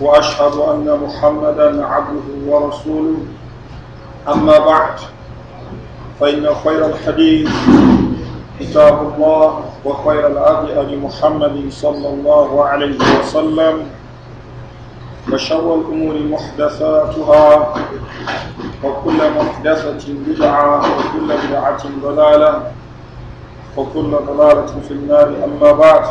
واشهد ان محمدا عبده ورسوله اما بعد فان خير الحديث كتاب الله وخير الهدي ابي محمد صلى الله عليه وسلم وشر الامور محدثاتها وكل محدثه بدعه وكل بدعه ضلاله وكل ضلاله في النار اما بعد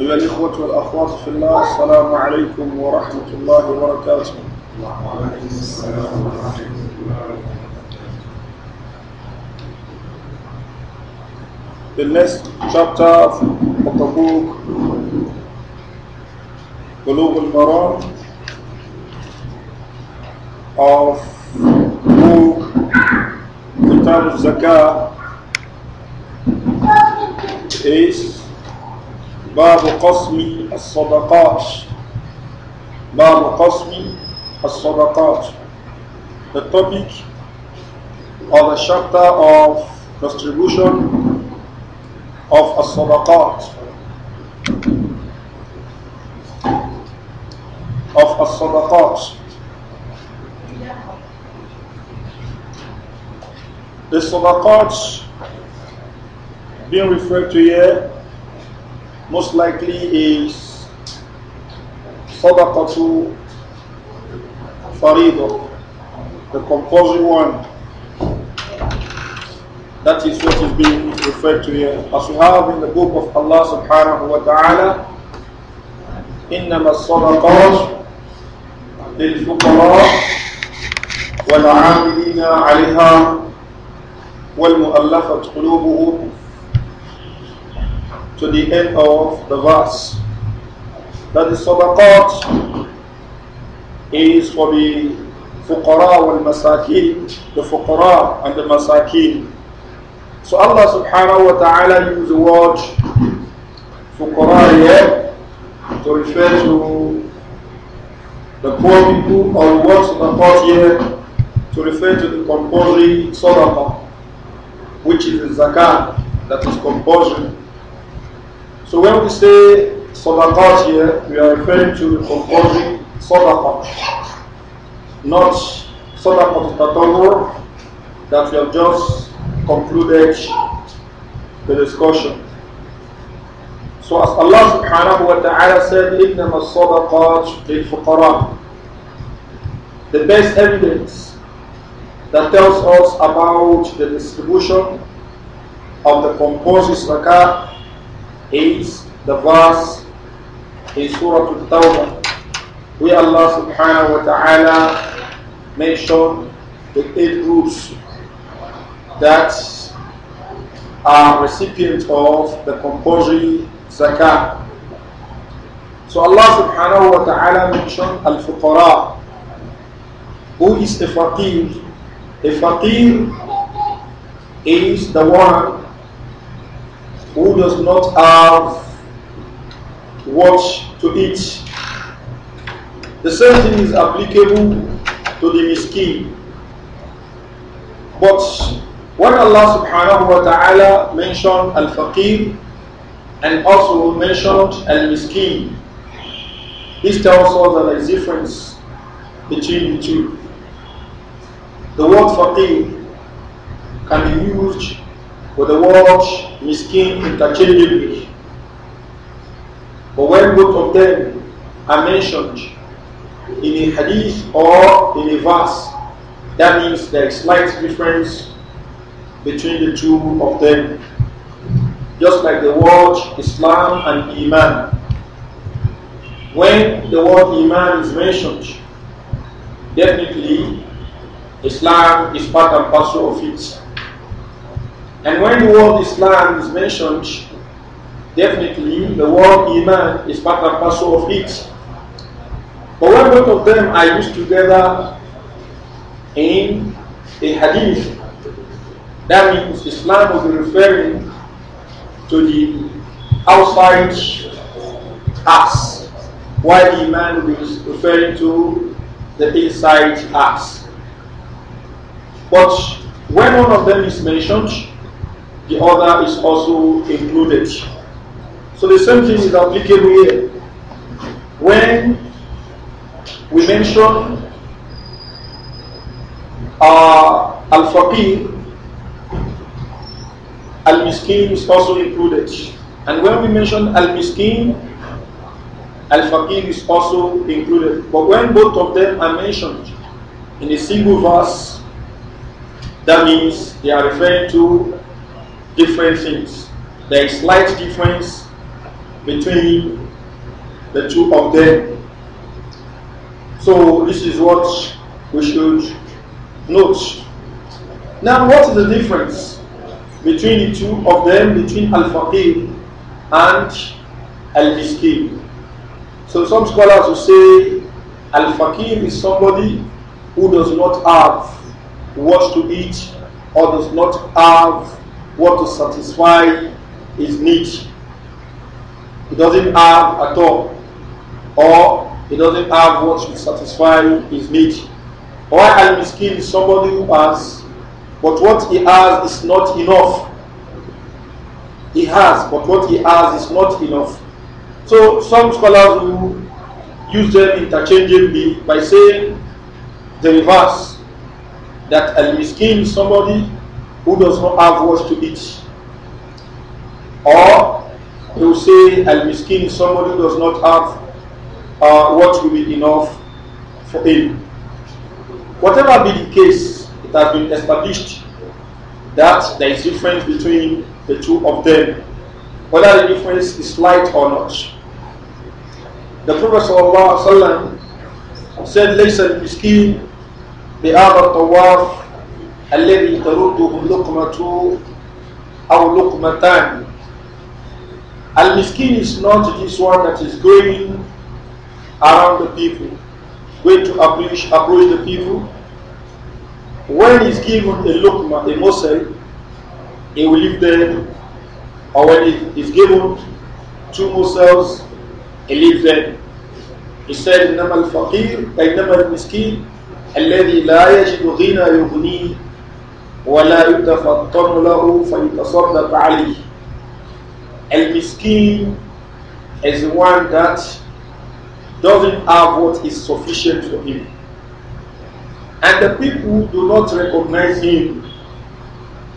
أيها الإخوة والأخوات في الله السلام عليكم ورحمة الله وبركاته ورحمة الله The next chapter of the book Qulub al-Maram of book Kitab al-Zakah is باب قسم الصدقات باب قسم الصدقات the topic of the chapter of distribution of الصدقات of الصدقات the صدقات being referred to here most likely is Sadaqatu Faridah, the compulsory one. That is what is being referred to here. As we have in the book of Allah subhanahu wa ta'ala, إنما الصدقات للفقراء والعاملين عليها والمؤلفة قلوبهم to the end of the verse. That the sabaqat is for the fuqara wal masakin, the fuqara and the masakin. So Allah subhanahu wa ta'ala used the word fuqara here to refer to the poor people or the word of here to refer to the compulsory sadaqah, which is the zakat that is compulsory. So when we say sadaqat here, we are referring to the compulsory sadaqah, not sadaqat tatawur that we have just concluded the discussion. So as Allah subhanahu wa ta'ala said, إِنَّمَا الصَّدَقَاتُ لِلْفُقَرَاءِ The best evidence that tells us about the distribution of the composite zakat is the verse in Surah Al-Tawbah, where Allah subhanahu wa ta'ala mentioned the eight groups that are recipients of the compulsory zakat. So Allah subhanahu wa ta'ala mentioned al-fuqara, who is a faqir. A faqir is the one who does not have what to eat. The same thing is applicable to the miskin. But when Allah subhanahu wa ta'ala mentioned al-faqir and also mentioned al-miskin, this tells us that there is difference between the two. The word faqir can be used with the word miskin interchangeably. But when both of them are mentioned in a hadith or in a verse, that means there is slight difference between the two of them. Just like the word Islam and Iman. When the word Iman is mentioned, definitely Islam is part and parcel of it. And when the word Islam is mentioned, definitely the word Iman is part and parcel of it. But when both of them are used together in a hadith, that means Islam will be referring to the outside us, while Iman will be referring to the inside us. But when one of them is mentioned, the other is also included. So the same thing is applicable here. When we mention uh, al-faqih, al-miskin is also included. And when we mention al-miskin, al-faqih is also included. But when both of them are mentioned in a single verse, that means they are referring to different things. There is slight difference between the two of them. So this is what we should note. Now, what is the difference between the two of them, between al faqih and al-miskin? So some scholars will say al faqih is somebody who does not have what to eat or does not have what to satisfy his need. He doesn't have at all, or he doesn't have what to satisfy his need. Or al miskin is somebody who has, but what he has is not enough. He has, but what he has is not enough. So some scholars will use them interchangeably by saying the reverse that al miskin is somebody who does not have what to eat. Or they will say, Al Miskin is somebody who does not have uh, what will be enough for him. Whatever be the case, it has been established that there is difference between the two of them, whether the difference is slight or not. The Prophet ﷺ said, Laysa al-miskin bi'aba tawaf الذي ترده لقمة أو لقمتان Al-Miskin is not this one that is going around the people, going to approach, approach the people. When he's given a lukma, a mosai, he will leave them. Or when he's given two musals, he leaves them. He said, إنما الفقير, إنما المسكين, الذي لا يجد غنى يغنيه ولا يتفطن له فيتصدق عليه المسكين is the one that doesn't have what is sufficient for him and the people do not recognize him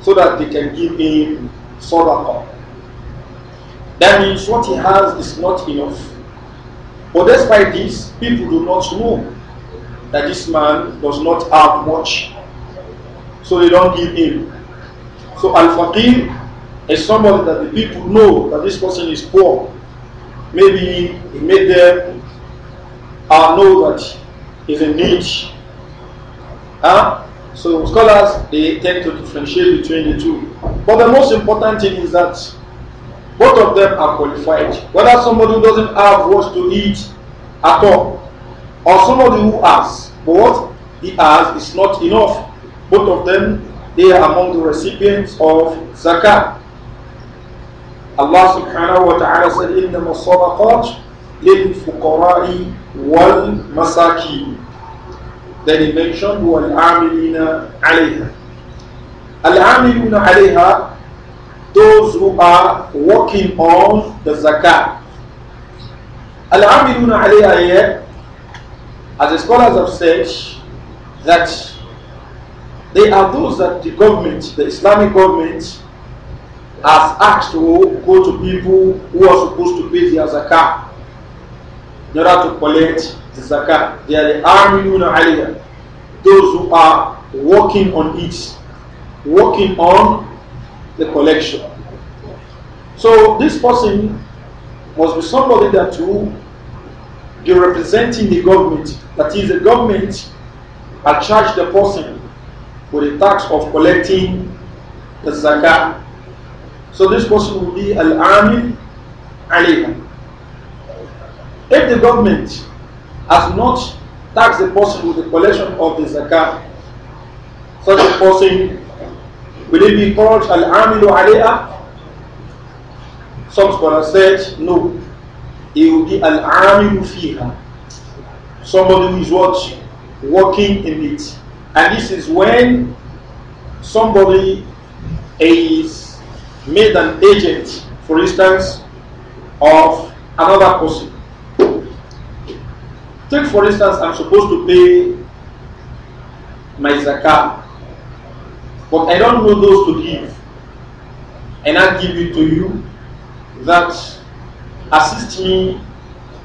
so that they can give him sadaqah that means what he has is not enough but despite this people do not know that this man does not have much so they don't give in. So al-faqir is somebody that the people know that this person is poor. Maybe he made them uh, know that he's in need. Huh? So scholars they tend to differentiate between the two. But the most important thing is that both of them are qualified. Whether somebody who doesn't have what to eat at all, or somebody who has, but what he has is not enough both of them, they are among the recipients of zakat. Allah subhanahu wa ta'ala said, إِنَّمَا الصَّدَقَاتِ wal وَالْمَسَاكِينِ Then he mentioned وَالْعَامِلِينَ عَلَيْهَا الْعَامِلُونَ عَلَيْهَا Those who are working on the zakat. al عَلَيْهَا here, as the scholars have said, that they are those that the government, the Islamic government, has asked to go to people who are supposed to pay their zakah in order to collect the zakah. They are the army, Aliyah, those who are working on it, working on the collection. So this person must be somebody that will be representing the government. That is, the government are charged the person for the tax of collecting the zakah. So this person will be al-amil alayha. If the government has not taxed the person with the collection of the zakah, such a person will it be called al-amilu alayha? Some scholars said no. It will be al-amilu fiha. Somebody who is what? Working in it. And this is when somebody is made an agent, for instance, of another person. Take for instance, I'm supposed to pay my zakat, but I don't know those to give, and I give it to you that assist me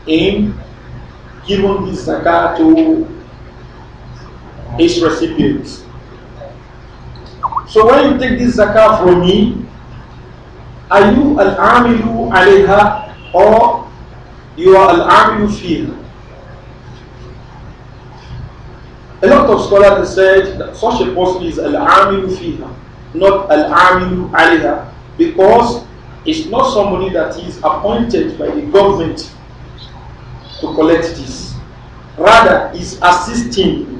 in giving this zakat to its recipients. So when you take this zakah from me, are you al-amilu alayha or you are al-amilu fiha? A lot of scholars said that such a person is al-amilu fiha, not al-amilu alayha, because it's not somebody that is appointed by the government to collect this. Rather, is assisting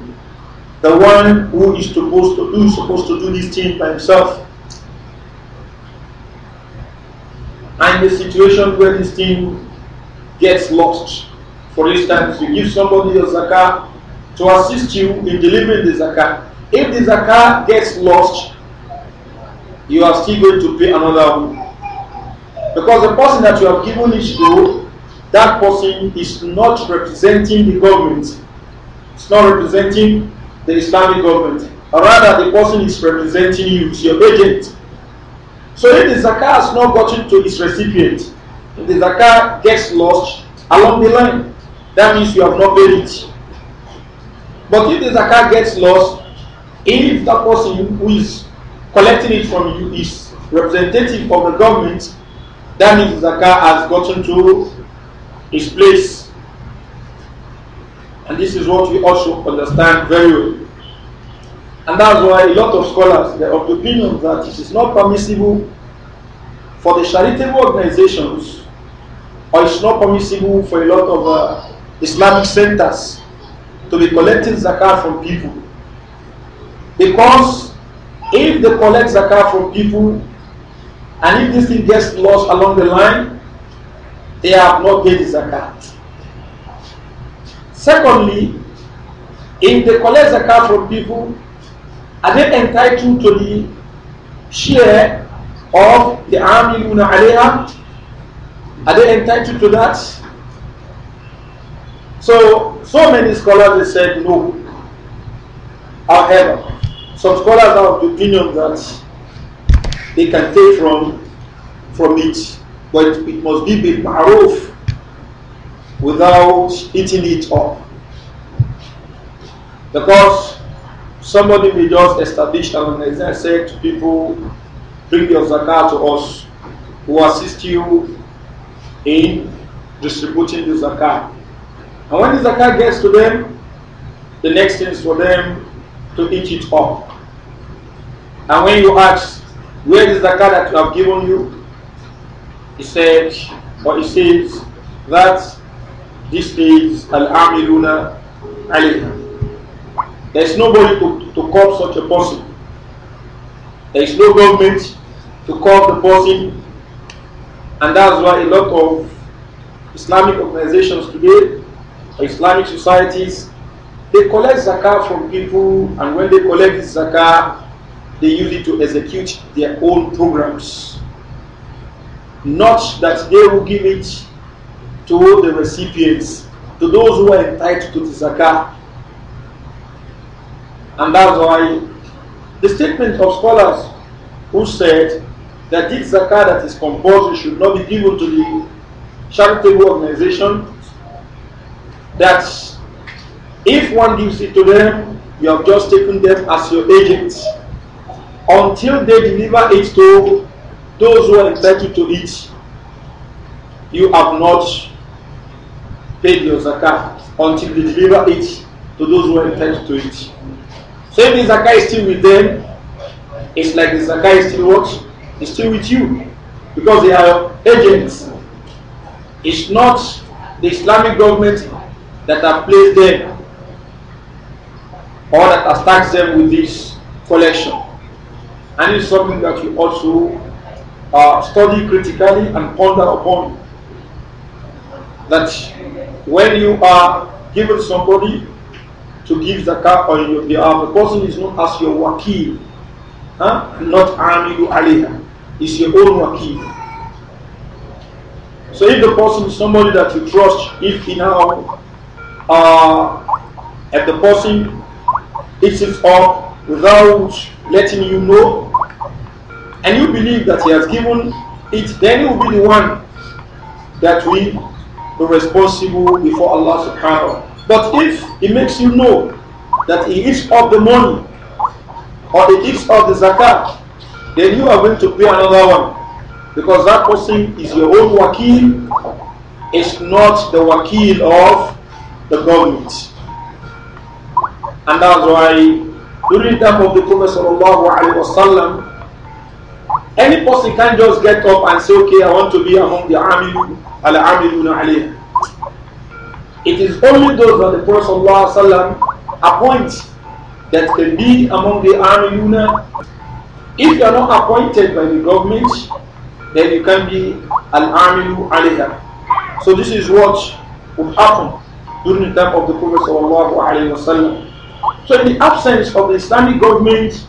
the one who is supposed to do supposed to do this thing by himself. And the situation where this thing gets lost. For instance, you give somebody a zakah to assist you in delivering the zakah. If the zakah gets lost, you are still going to pay another one. Because the person that you have given it to, that person is not representing the government. It's not representing the Islamic government. Or rather, the person is representing you, is your agent. So if the zakah has not gotten to its recipient, if the zakah gets lost along the line, that means you have not paid it. But if the zakah gets lost, if that person who is collecting it from you is representative of the government, that means the zakah has gotten to its place. And this is what we also understand very well. And that's why a lot of scholars are of the opinion that it is not permissible for the charitable organizations, or it's not permissible for a lot of uh, Islamic centers to be collecting zakat from people. Because if they collect zakat from people, and if this thing gets lost along the line, they have not paid the zakat. Secondly, if they collect zakat from people, are they entitled to the share of the army alayha? Are they entitled to that? So, so many scholars said no. However, some scholars are of the opinion that they can take from from it, but it must be bil ma'ruf without eating it up. Because somebody may just establish an organization and say to people, bring your zakat to us, who assist you in distributing the zakat. And when the zakat gets to them, the next thing is for them to eat it up. And when you ask, where is the zakat that you have given you? He said, or he says, that this is Al-Amiluna alayha. There is nobody to, to curb such a person. There is no government to curb the person. And that's why a lot of Islamic organizations today, Islamic societies, they collect zakah from people, and when they collect this zakah, they use it to execute their own programs. Not that they will give it to the recipients, to those who are entitled to the zakah. And that's why the statement of scholars who said that this zakah that is composed should not be given to the charitable organization, that if one gives it to them, you have just taken them as your agents until they deliver it to those who are entitled to it. You have not paid your zakah until they deliver it to those who are entitled to it. So if the zakah is still with them, it's like the zakah is still what? It's still with you because they are agents. It's not the Islamic government that have placed them or that has taxed them with this collection. And it's something that you also uh, study critically and ponder upon that when you are given somebody to give zakat on your behalf, the person is known as your wakil, huh? not amilu alayha. It's your own wakil. So if the person is somebody that you trust, if he now, uh, if the person eats it up without letting you know, and you believe that he has given it, then you will be the one that will responsible before Allah subhanahu But if he makes you know that he eats up the money or he eats up the zakat, then you are going to pay another one. Because that person is your own wakil, it's not the wakil of the government. And that's why during the time of the Prophet sallallahu alaihi wasallam, any person can just get up and say, okay, I want to be among the army al-amiluna It is only those that the Prophet sallallahu appoints that can be among the amiluna. If you are not appointed by the government, then you can be an amilu alayha. So this is what would happen during the time of the Prophet sallallahu So in the absence of the Islamic government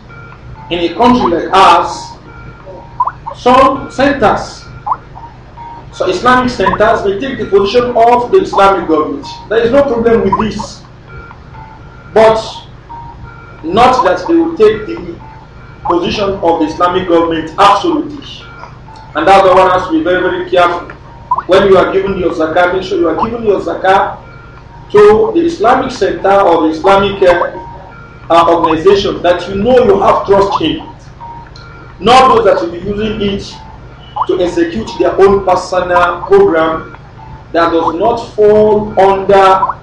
in a country like ours, some centers so Islamic centers, may take the position of the Islamic government. There is no problem with this. But not that they will take the position of the Islamic government absolutely. And that's why one has to be very, very careful. When you are giving your zakah, make sure you are giving your zakah to the Islamic center or the Islamic uh, uh, organization that you know you have trust in. Not those that will be using it to execute their own personal program that does not fall under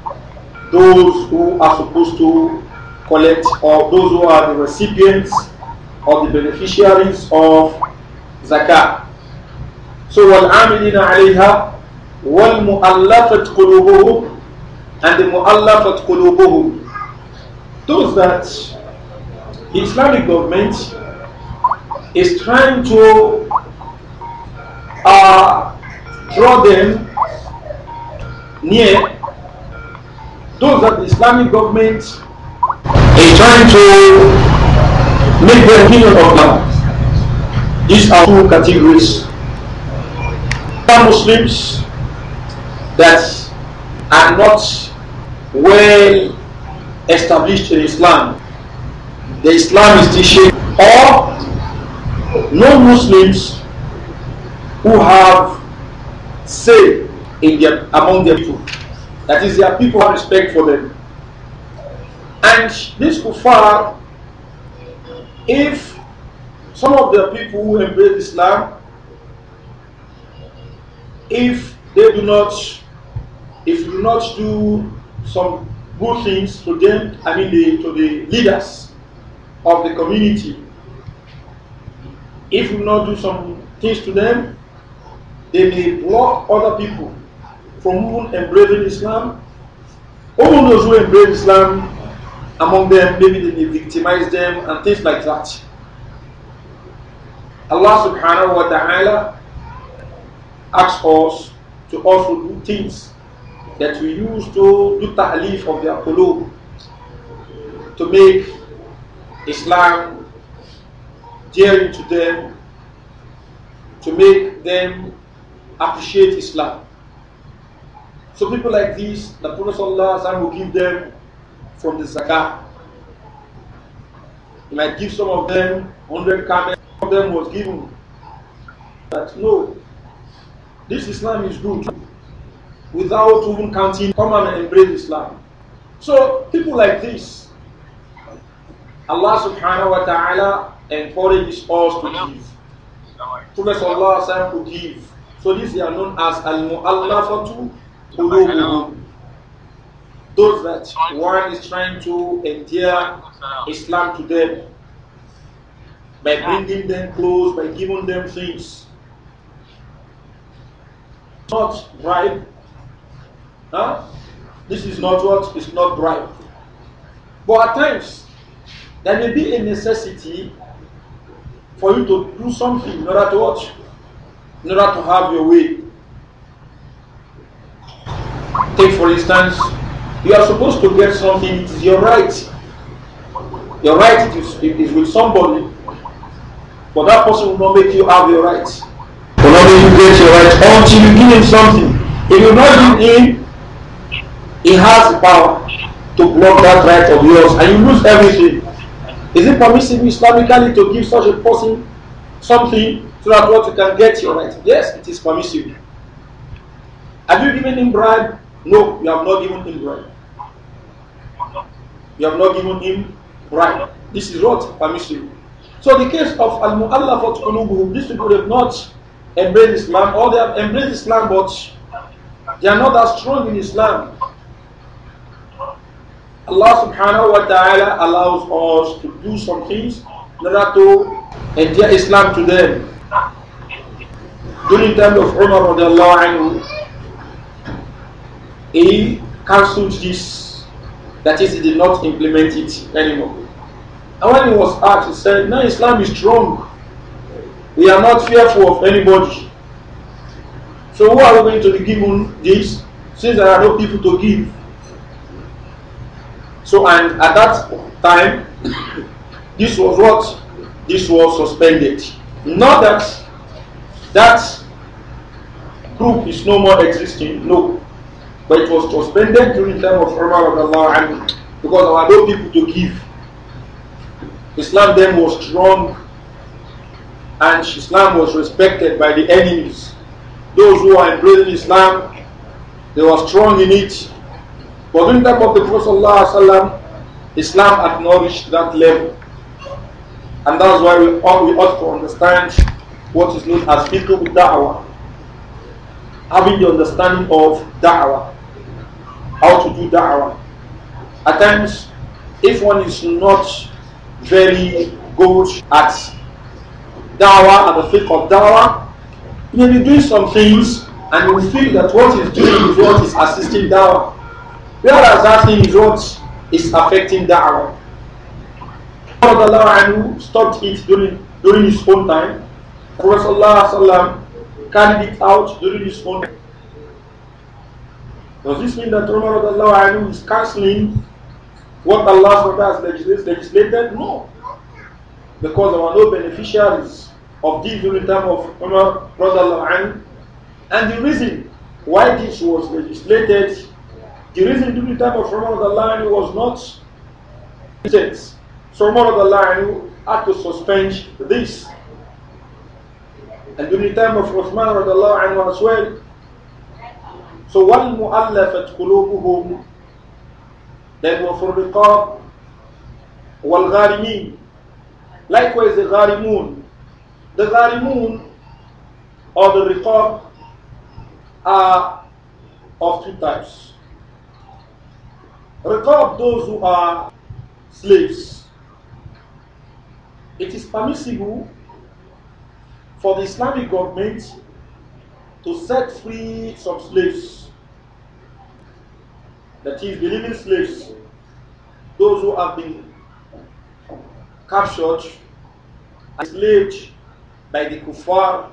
those who are supposed to collect or those who are the recipients or the beneficiaries of zakat. So والعاملين عليها والمؤلفة قلوبهم and the مؤلفة قلوبهم those that Islamic government is trying to uh, draw them near those that the Islamic government is trying to make the opinion of them. These are two categories. Some Muslims that are not well established in Islam. The Islam is teaching or non-Muslims who have say in their, among their people. That is, their people have respect for them. And this kuffar, if some of the people who embrace Islam, if they do not, if do not do some good things to them, I mean the, to the leaders of the community, if we do not do some things to them, they may block other people from even embracing Islam. Even those who embrace Islam, among them, maybe they may victimize them and things like that. Allah subhanahu wa ta'ala asks us to also do things that we use to do ta'lif of the qulub to make Islam dear to them, to make them appreciate Islam. So people like these, the Prophet ﷺ will give them from the zakah. He might give some of them 100 camels, some of them was given. But no, this Islam is good without even counting, come and embrace Islam. So people like this, Allah subhanahu wa ta'ala encourages us to give. Prophet Allah to give. So these are known as al-mu'allafatu Those that one is trying to endear Islam to them by bringing them close, by giving them things. Not bribe. Huh? This is not what is not bribe. But at times, there may be a necessity for you to do something in order to watch in order to have your way. Take, for instance, you are supposed to get something, it is your right. Your right is, is with somebody, but that person will not make you have your right. Will not make you get your right until you give him something. If you not give him, he has the power to block that right of yours and you lose everything. Is it permissible Islamically to give such a person something so that what you can get your right. Yes, it is permissible. Have you given him bribe? No, you have not given him bribe. You have not given him bribe. This is not permissible. So the case of Al Mu'allafat Qulubuhum, these people have not embraced Islam, or they have embraced Islam, but they are not as strong in Islam. Allah subhanahu wa ta'ala allows us to do some things in order to endear Islam to them. During the time of Umar anhu, he cancelled this. That is, he did not implement it anymore. And when he was asked, he said, No, Islam is strong. We are not fearful of anybody. So who are we going to be given this since there are no people to give? So and at that time, this was what? This was suspended. Not that that group is no more existing. No. But it was suspended during the time of Umar because there were no people to give. Islam then was strong and Islam was respected by the enemies. Those who were embracing Islam, they were strong in it. But during the time of the Prophet, Islam acknowledged that level. And that's why we ought, we ought to understand what is known as fiqh da'wah. Having the understanding of da'wah, how to do da'wah. At times, if one is not very good at da'wah, at the fiqh of da'wah, he may be doing some things and you feel that what he's doing is what is assisting da'wah. Whereas that thing is what is affecting da'wah. Allah stopped it during, during his own time Prophet carried it out during his own. Does this mean that Umar is cancelling what Allah has legislated? No. Because there were no beneficiaries of this during the time of Umar. And the reason why this was legislated, the reason during the time of Umar was not. So Umar had to suspend this الدنيا تام في عثمان رضي الله عنه وأسواد ثوالم ألفت قلوبهم لأن وفر الرقاب والغارمين likewise the غارمون the غارمون or the رقاب are of two types رقاب those who are slaves it is permissible for the Islamic government to set free some slaves, that is, believing slaves, those who have been captured, enslaved by the kuffar,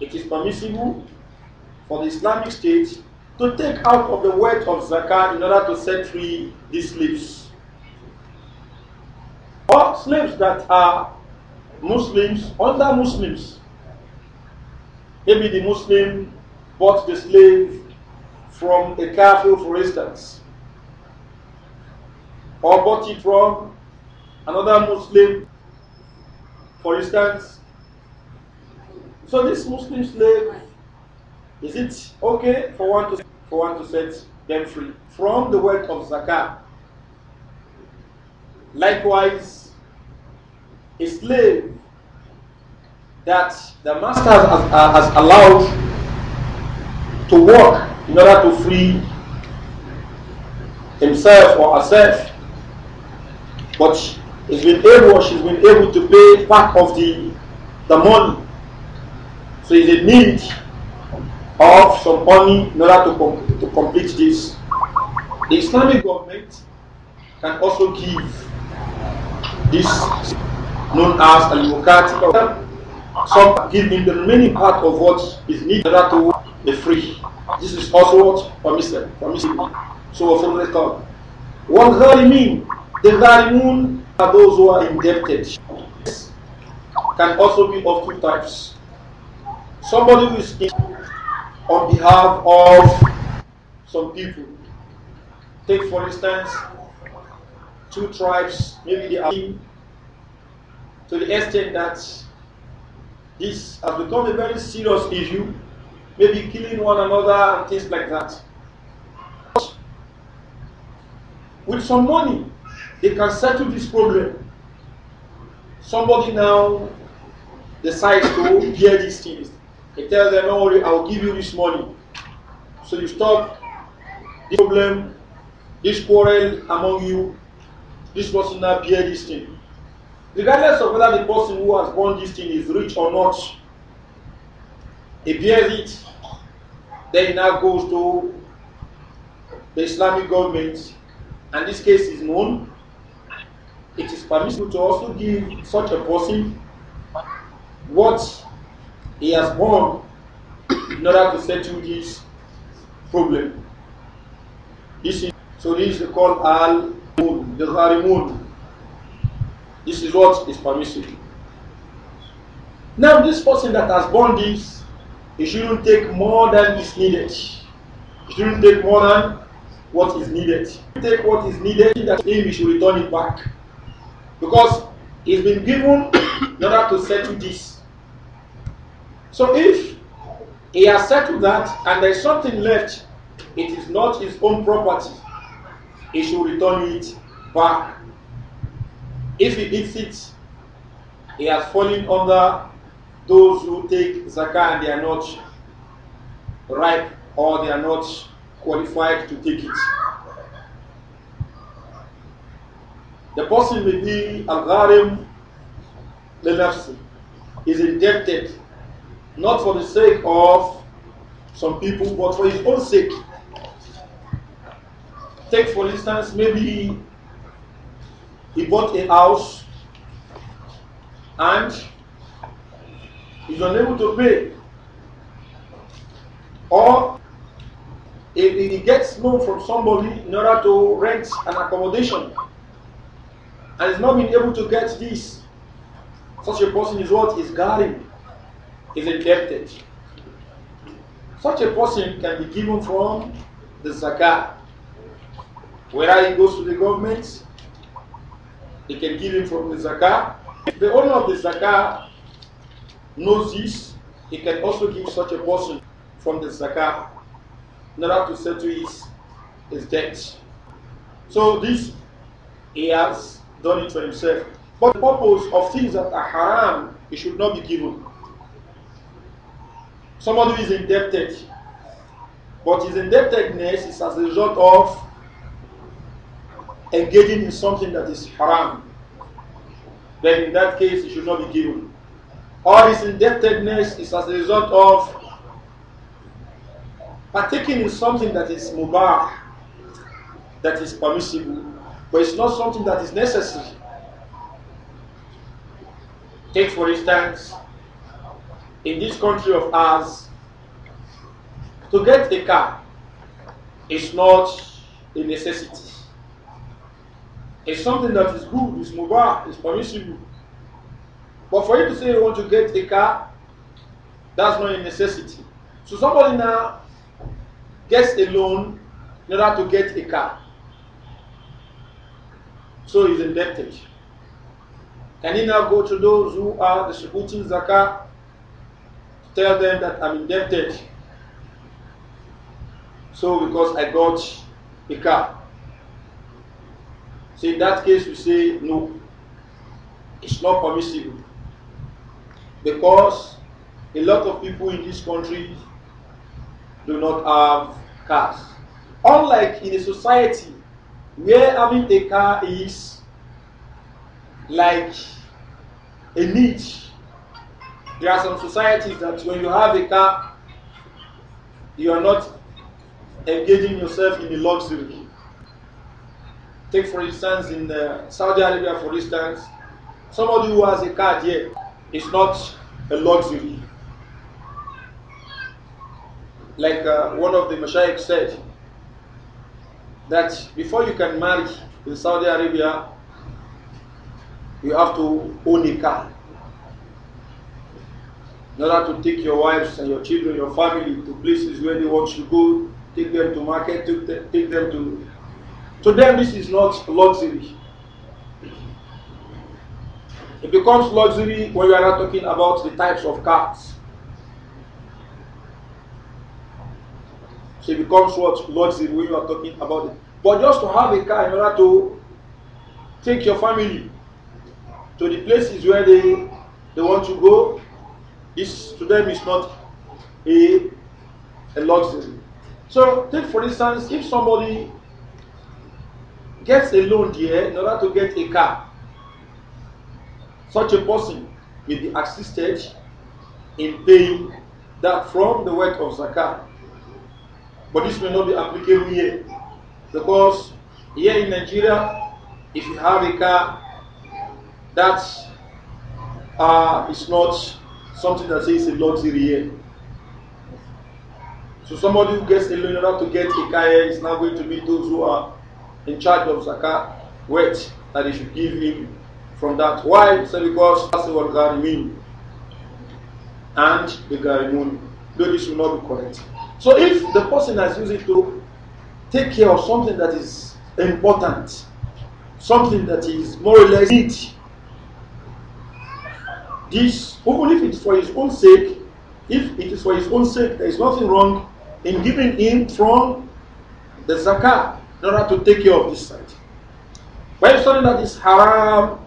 it is permissible for the Islamic State to take out of the wealth of zakat in order to set free these slaves. Or slaves that are Muslims under Muslims. Maybe the Muslim bought the slave from a kafir, for instance, or bought it from another Muslim, for instance. So this Muslim slave, is it okay for one to for one to set them free from the wealth of zakah? Likewise, a slave that the master has, uh, has allowed to work in order to free himself or herself, but he's been able, she's been able to pay part of the the money. So he's in need of some money in order to, com to complete this. The Islamic government can also give this known as al mukati Some give him the remaining part of what is needed to be free. This is also what permissible. permissible. So from the record. What mean? The gharimun are those who are indebted. This can also be of two types. Somebody who is on behalf of some people. Take for instance two tribes, maybe they are to the extent that this has become a very serious issue, maybe killing one another and things like that. But with some money, they can settle this problem. Somebody now decides to hear these things. He tells them, worry, I'll give you this money. So you stop this problem, this quarrel among you, this person now bear this thing. Regardless of whether the person who has born this thing is rich or not, he bears it, then he now goes to the Islamic government, and this case is known. It is permissible to also give such a person what he has born in order to settle this problem. This is, so this is called al-moon, the Harimun. This is what is permissible. Now, this person that has born this, he shouldn't take more than is needed. He shouldn't take more than what is needed. Take what is needed, that him he should return it back. Because it's been given in order to settle this. So if he has settled that and there is something left, it is not his own property. He should return it back. If he eats it, he has fallen under those who take zakah and they are not ripe or they are not qualified to take it. The person may be al-gharim the is indebted not for the sake of some people but for his own sake. Take for instance maybe he bought a house and is unable to pay. Or he gets loan from somebody in order to rent an accommodation and is not being able to get this, such a person is what is guarding, is indebted. Such a person can be given from the zakat, whether he goes to the government they can give him from the zakah. The owner of the zakah knows this. He can also give such a person from the zakah in order to settle his, his debt. So this, he has done it for himself. But the purpose of things that are haram, it should not be given. Somebody who is indebted, but his indebtedness is as a result of engaging in something that is haram, then in that case it should not be given. Or his indebtedness is as a result of partaking in something that is mubah, that is permissible, but it's not something that is necessary. Take, for instance, in this country of ours, to get a car is not a necessity. It's something that is good, is mobile, it's permissible. But for you to say you want to get a car, that's not a necessity. So somebody now gets a loan in order to get a car. So he's indebted. Can he now go to those who are distributing zakah to tell them that I'm indebted? So because I got a car. So in that case, we say no, it's not permissible. Because a lot of people in this country do not have cars. Unlike in a society where having a car is like a need. There are some societies that when you have a car, you are not engaging yourself in the luxury. Take for instance in uh, Saudi Arabia, for instance, somebody who has a car here is not a luxury. Like uh, one of the Mashaik said, that before you can marry in Saudi Arabia, you have to own a car in order to take your wives and your children, your family to places where they want to go, take them to market, take them to to them, this is not luxury. It becomes luxury when you are not talking about the types of cars. So it becomes what luxury when you are talking about it. But just to have a car in order to take your family to the places where they they want to go, this to them is not a, a luxury. So take for instance, if somebody gets a loan there in order to get a car, such a person will be assisted in paying that from the wealth of zakat. But this may not be applicable here because here in Nigeria, if you have a car, that uh, is not something that says a luxury here. So somebody who gets a loan in order to get a car is now going to be those who are in charge of zakat weight that he should give him from that. Why? So because that's what God mean. And the Garimun. Though this will not be correct. So if the person has used it to take care of something that is important, something that is more or less it, this, even if it's for his own sake, if it is for his own sake, there is nothing wrong in giving him from the zakah in order to take care of this side. When something that is haram,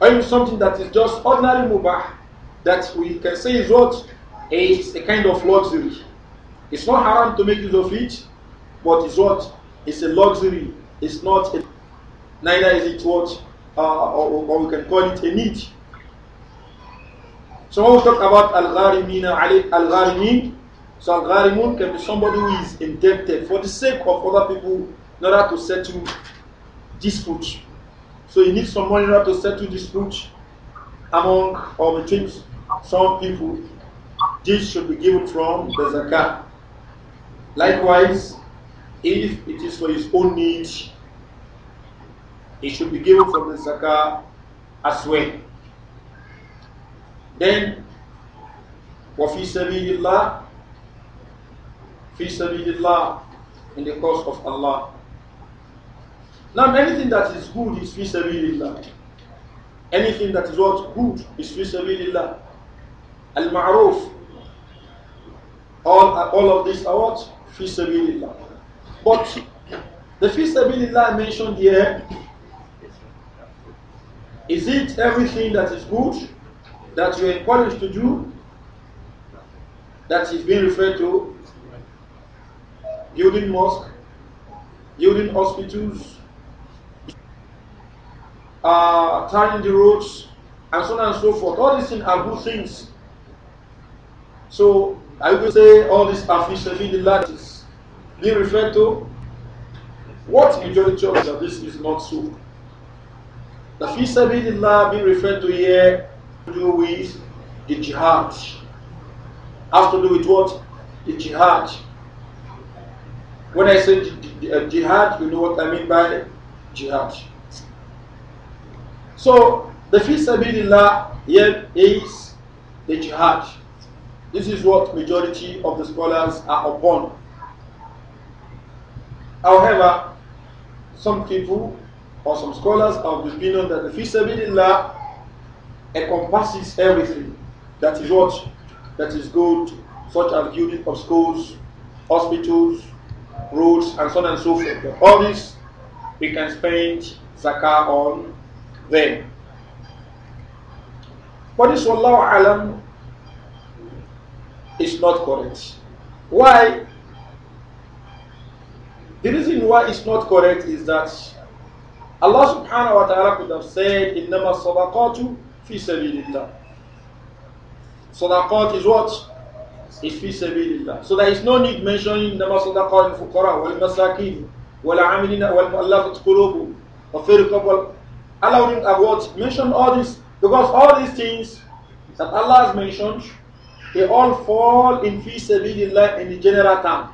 or something that is just ordinary mubah, that we can say is what? It's a kind of luxury. It's not haram to make use of it, but it's what? It's a luxury. It's not, a, neither is it what, uh, or, or, we can call it a need. So when we talk about al-gharimin, al so Al-Gharimun can be somebody who is indebted for the sake of other people in order to settle dispute. So you need some money in order to settle dispute among or between some people. This should be given from the zakat. Likewise, if it is for his own need, it should be given from the zakah as well. Then, wa fi sabilillah fi sabilillah, in the cause of Allah. Now, anything that is good is fi sabilillah. Anything that is what good is fi sabilillah. Al ma'ruf. All, all of these are what? Fi sabilillah. But the fi sabilillah mentioned here, is it everything that is good that you are encouraged to do that is being referred to building mosques, building hospitals, uh, turning the roads, and so on and so forth. All these things are good things. So I will say all these are the is being referred to. What majority of that this is not so. The fisabilillah being referred to here to do with the jihad. Has to do with what? The jihad. When I say uh, jihad, you know what I mean by jihad. So the fisabilillah here is the jihad. This is what majority of the scholars are upon. However, some people or some scholars are of the opinion that the fisabilillah encompasses everything. That is what that is good, such as building of schools, hospitals, roads, and so on and so forth. All this we can spend zakah on them. But this wallahu alam is not correct. Why? The reason why it's not correct is that Allah subhanahu wa ta'ala could have said, nama sadaqatu fi sabilillah. Sadaqat is what? So there is no need mentioning nama sadaqa al fuqara wal masakin wal Amilin, wal mu'allafat qulubu wa firqa wal Allah would what mention all this because all these things that Allah has mentioned they all fall in fi sabilillah in the general term.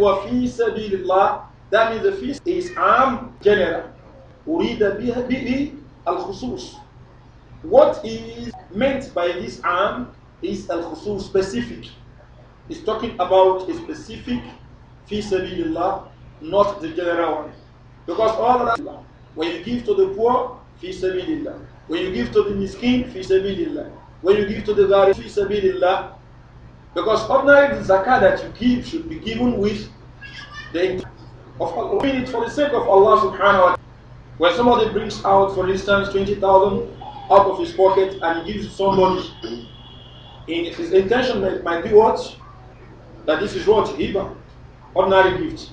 Wa fi sabilillah that means the feast is am general. أريد al khusus. What is meant by this arm is al khusus specific. It's talking about a specific fi sabilillah, not the general one. Because all that when you give to the poor, fi sabilillah. When you give to the miskin, fi sabilillah. When you give to the gharib, fi sabilillah. Because ordinary zakah that you give should be given with the of doing it for the sake of Allah subhanahu wa ta'ala. When somebody brings out, for instance, 20,000 out of his pocket and he gives somebody. In his intention might, might be what? That this is what? Hiba. Ordinary gift.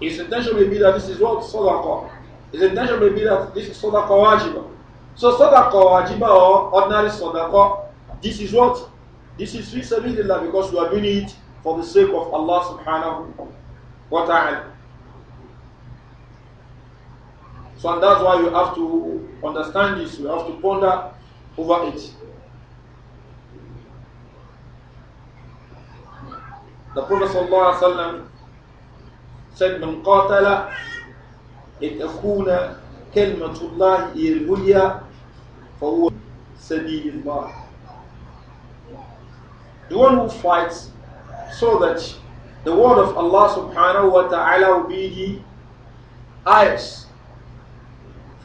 His intention may be that this is what? Sadaqah. His intention may be that this is Sadaqah wajiba. So Sadaqah wajiba or ordinary Sadaqah, this is what? This is fi sabilillah because we are doing it for the sake of Allah subhanahu wa ta'ala. So and that's why you have to understand this, you have to ponder over it. The Prophet ﷺ said, من قاتل إن كلمة الله هي العليا فهو سبيل الله. The one who fights so that the word of Allah subhanahu wa ta'ala will be the highest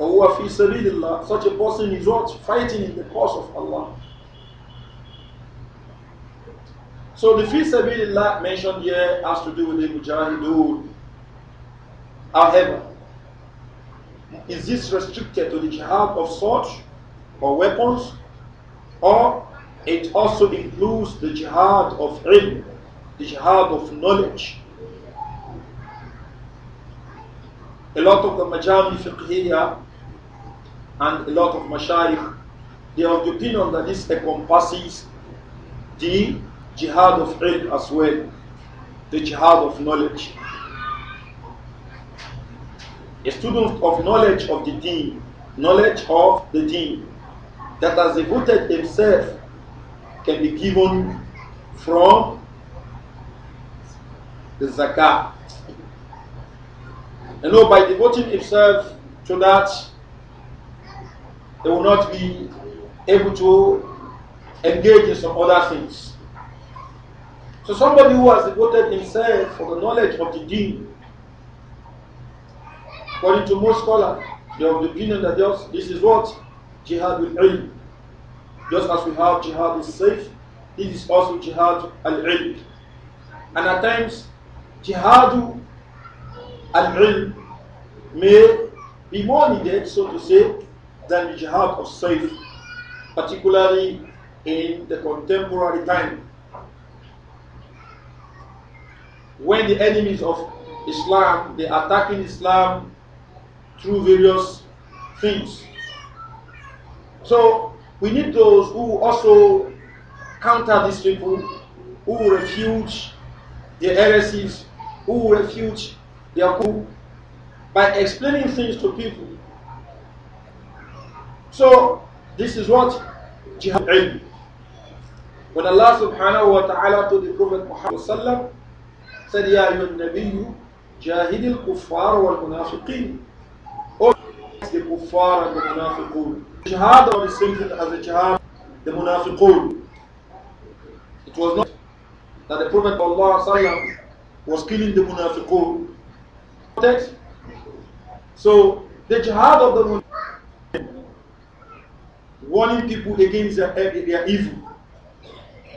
such a person is what? Fighting in the cause of Allah. So the fi sabilillah mentioned here has to do with the mujahidun. However, is this restricted to the jihad of swords or weapons, or it also includes the jihad of ilm, the jihad of knowledge? A lot of the majami fiqhiyya and a lot of mashayikh, they are of the opinion that this encompasses the jihad of ilm as well, the jihad of knowledge. A student of knowledge of the deen, knowledge of the deen, that has devoted himself can be given from the zakat. And you know, by devoting himself to that, they will not be able to engage in some other things. So somebody who has devoted himself for the knowledge of the deen, according to most scholars, they have the opinion that just, this is what jihad will ilm. Just as we have jihad is safe, this is also jihad al ilm. And at times, jihad al ilm may be more needed, so to say, than the jihad of Saif, particularly in the contemporary time. When the enemies of Islam, they are attacking Islam through various things. So we need those who also counter these people, who refute their heresies, who refute their coup by explaining things to people so this is what jihad ilm. When Allah subhanahu wa ta'ala to the Prophet Muhammad sallam, said, Ya ayyun nabiyyu, jahid al-kuffar wal Munafiqin." Oh, the kuffar and the munafiqun. Jihad are the same thing as the jihad, the munafiqun. It was not that the Prophet Allah sallam, was killing the munafiqun. So the jihad of the warning people against their, eh, their evil.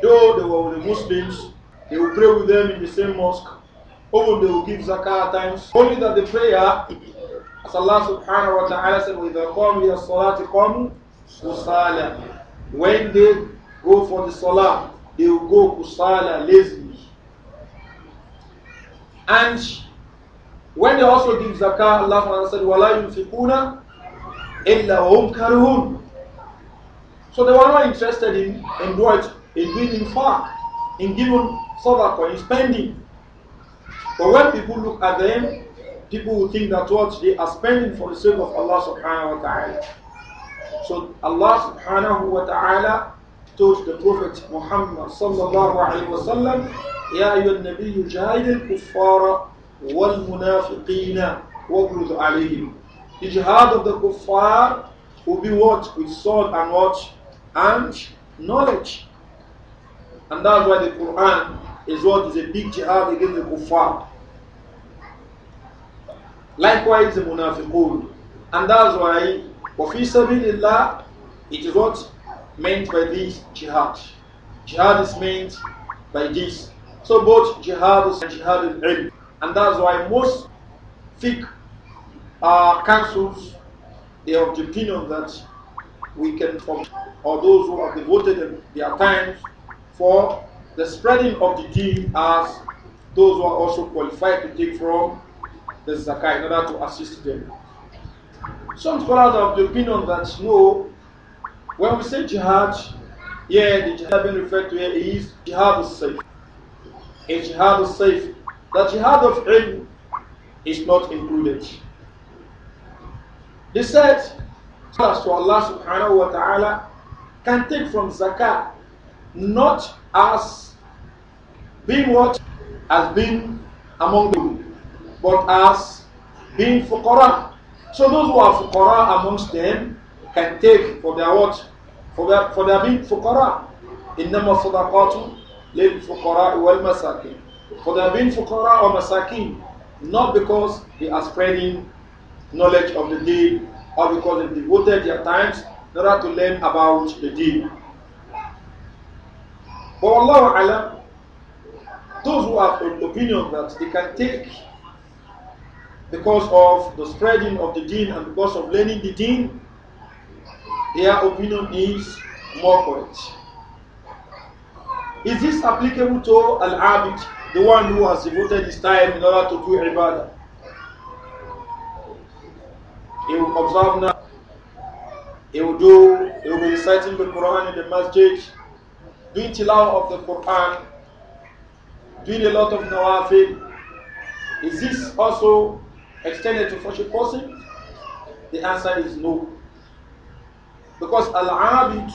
Though they were the Muslims, they would pray with them in the same mosque. Although they would give zakah at times. Only that the prayer, as Allah subhanahu wa ta'ala said, with the salati qamu kusala. When they go for the salah, they will go kusala, lazily. And when they also give zakah, Allah said, وَلَا يُنْفِقُونَ إِلَّا هُمْ كَرِهُونَ so they were not interested in, in what? In doing in far, in giving sadaqah, in spending. But when people look at them, people will think that what they are spending for the sake of Allah subhanahu wa ta'ala. So Allah subhanahu wa ta'ala told the Prophet Muhammad sallallahu alayhi wa sallam, يَا أَيُّ النَّبِيُّ جَاهِدِ الْكُفَّارَ وَالْمُنَافِقِينَ وَاغْلُظْ عَلَيْهِمْ The jihad of the kuffar will be what? With sword and what? and knowledge. And that's why the Quran is what is a big jihad against the kuffar. Likewise, the munafiqun. And that's why وَفِي سَبِيلِ اللَّهِ it is what meant by this jihad. Jihad is meant by this. So both jihad and jihad is ilm. And that's why most fiqh uh, councils, they have the opinion that we can, or those who have devoted their time for the spreading of the deen as those who are also qualified to take from the zakah in order to assist them. Some scholars have the opinion that no, when we say jihad, yeah, the jihad being referred to here is jihad is safe. A jihad is safe. The jihad of ilm is not included. They said as to Allah subhanahu wa ta'ala can take from zakah, not as being what? As being among them, but as being fuqara. So those who are fuqara amongst them can take for their what? For their, for their being fuqara. إنما الصدقات للفقراء masakin. for their being fuqara or masakin, not because they are spreading knowledge of the deen or because they devoted their times in order to learn about the deen. But Allah Allah those who have an opinion that they can take because of the spreading of the deen and because of learning the deen, their opinion is more correct. Is this applicable to Al Abid, the one who has devoted his time in order to do ibadah? He will observe now. He will do, he will be reciting the Quran in the masjid, doing tilawah of the Quran, doing a lot of nawafil. Is this also extended to such a person? The answer is no. Because Al-Abid,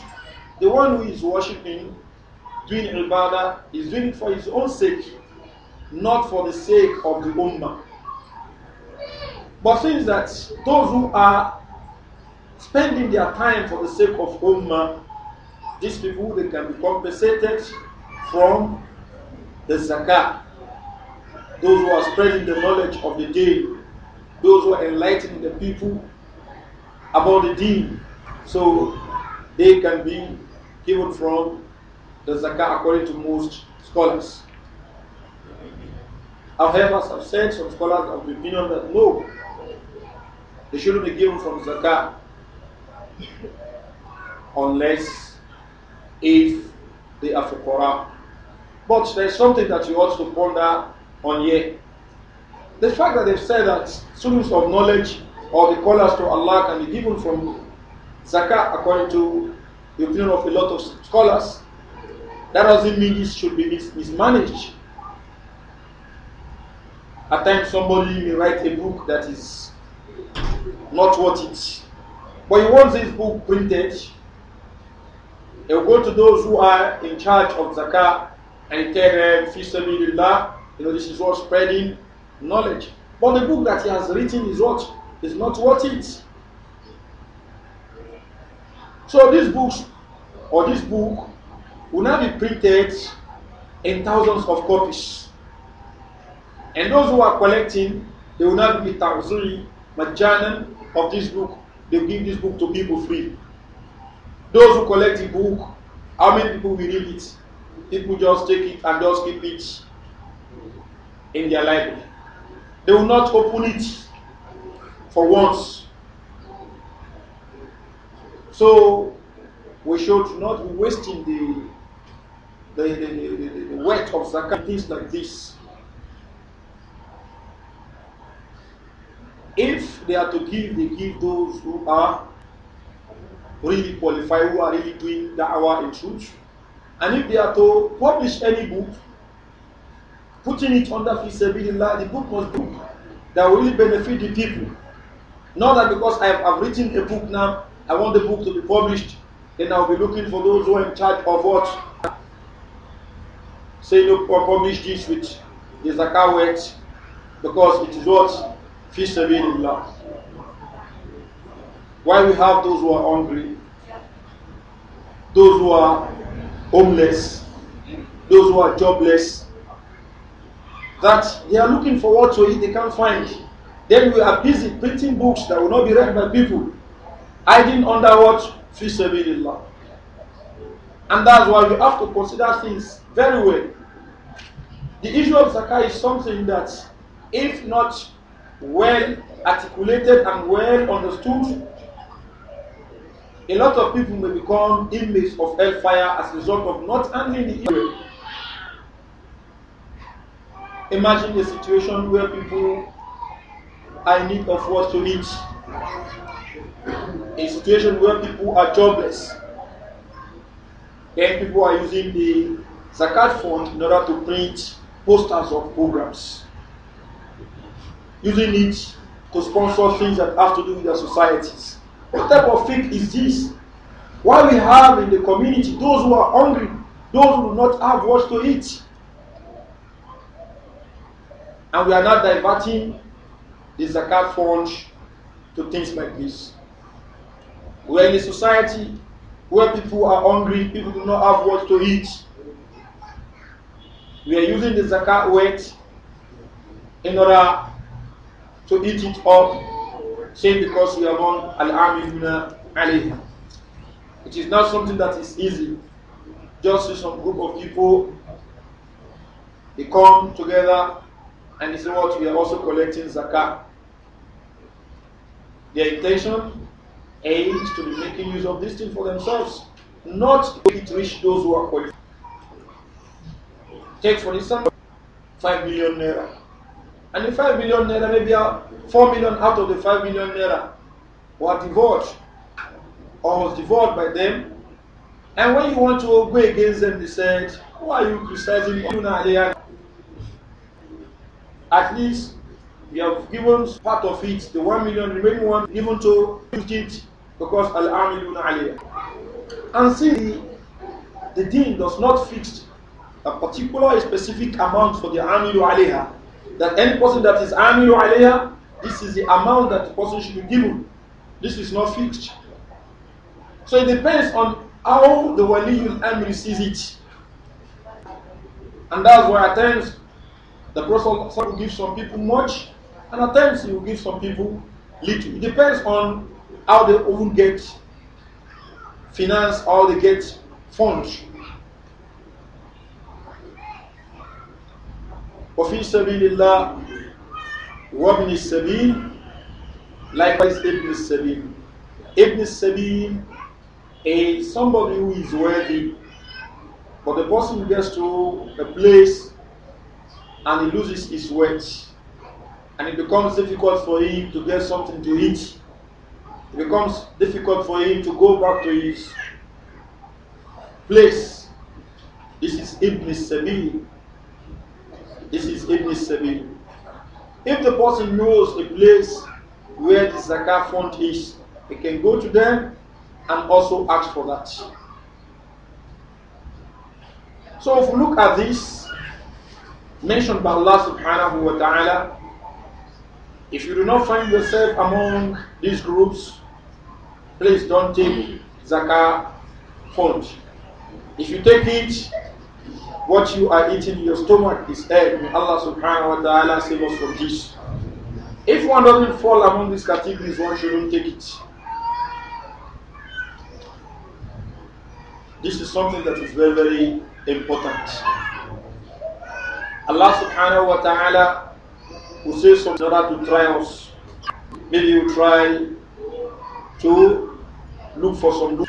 the one who is worshipping, doing ibadah, is doing it for his own sake, not for the sake of the Ummah. But since that those who are spending their time for the sake of Ummah, these people they can be compensated from the zakah. Those who are spreading the knowledge of the deen, those who are enlightening the people about the deen, so they can be given from the zakah according to most scholars. However, as I've said, some scholars have the opinion that no, they shouldn't be given from zakah unless if they are fuqara. But there's something that you ought to ponder on here. The fact that they've said that students of knowledge or the callers to Allah can be given from zakah according to the opinion of a lot of scholars, that doesn't mean this should be mis mismanaged. At times somebody may write a book that is not worth it. But he wants his book printed. He'll go to those who are in charge of zakah and tell them, Fisabilillah, you know, this is what spreading knowledge. But the book that he has written is what? Is not worth it. So these books or this book will now be printed in thousands of copies. And those who are collecting, they will not be thousands Majanan of this book, they give this book to people free. Those who collect the book, how many people will read it? People just take it and just keep it in their library. They will not open it for once. So we should not be wasting the the, the, the, the, the weight of zakat, things like this. If they are to give, they give those who are really qualified, who are really doing the hour in truth. And if they are to publish any book, putting it under fisabilillah, the book must be that will really benefit the people. Not that because I have, I've written a book now, I want the book to be published, then I'll be looking for those who are in charge of what? Say, look, publish this with the a coward, because it is what fi sabilillah. Why we have those who are hungry, those who are homeless, those who are jobless, that they are looking for what to eat they can't find. Then we are busy printing books that will not be read by people, hiding under what? Fi sabilillah. And that's why we have to consider things very well. The issue of zakah is something that, if not well articulated and well understood, a lot of people may become inmates of hellfire as a result of not handling the evil. Imagine a situation where people are in need of what to eat, a situation where people are jobless, and people are using the zakat fund in order to print posters of programs using it to sponsor things that have to do with their societies. What type of faith is this? Why we have in the community those who are hungry, those who do not have what to eat. And we are not diverting the zakat fund to things like this. We are in a society where people are hungry, people do not have what to eat. We are using the zakat weight in order to eat it up same because we are among al-amiluna alayha. It is not something that is easy. Just see some group of people, they come together and they say what we are also collecting zakat. Their intention aims to be making use of this thing for themselves, not it reach those who are qualified. Take for instance, 5 million naira. And the 5 million naira, maybe 4 million out of the 5 million naira were devoured or was devoured by them. And when you want to go against them, they said, Who are you criticizing? At least we have given part of it, the 1 million remaining one, given to use it because Al Amilun Aliyah. And see, the, the deen does not fix a particular specific amount for the Amilu Aliyah. that any person that is amiru alayha, this is the amount that the person should be given. This is not fixed. So it depends on how the waliyul amir sees it. And that's why at times the Prophet will give some people much, and at times he will give some people little. It depends on how they own get finance, how they get funds. وفي سبيل الله وابن السبيل likewise ابن السبيل ابن السبيل is somebody who is worthy but the person gets to a place and he loses his weight and it becomes difficult for him to get something to eat it becomes difficult for him to go back to his place this is ibn sabil this is Ibn Sabil. If the person knows the place where the zakat fund is, he can go to them and also ask for that. So if we look at this mentioned by Allah subhanahu wa ta'ala, if you do not find yourself among these groups, please don't take zakah fund. If you take it, what you are eating in your stomach is air. May Allah subhanahu wa ta'ala save us from this. If one doesn't fall among these categories, one shouldn't take it. This is something that is very, very important. Allah subhanahu wa ta'ala will say something in order to try us. Maybe you try to look for some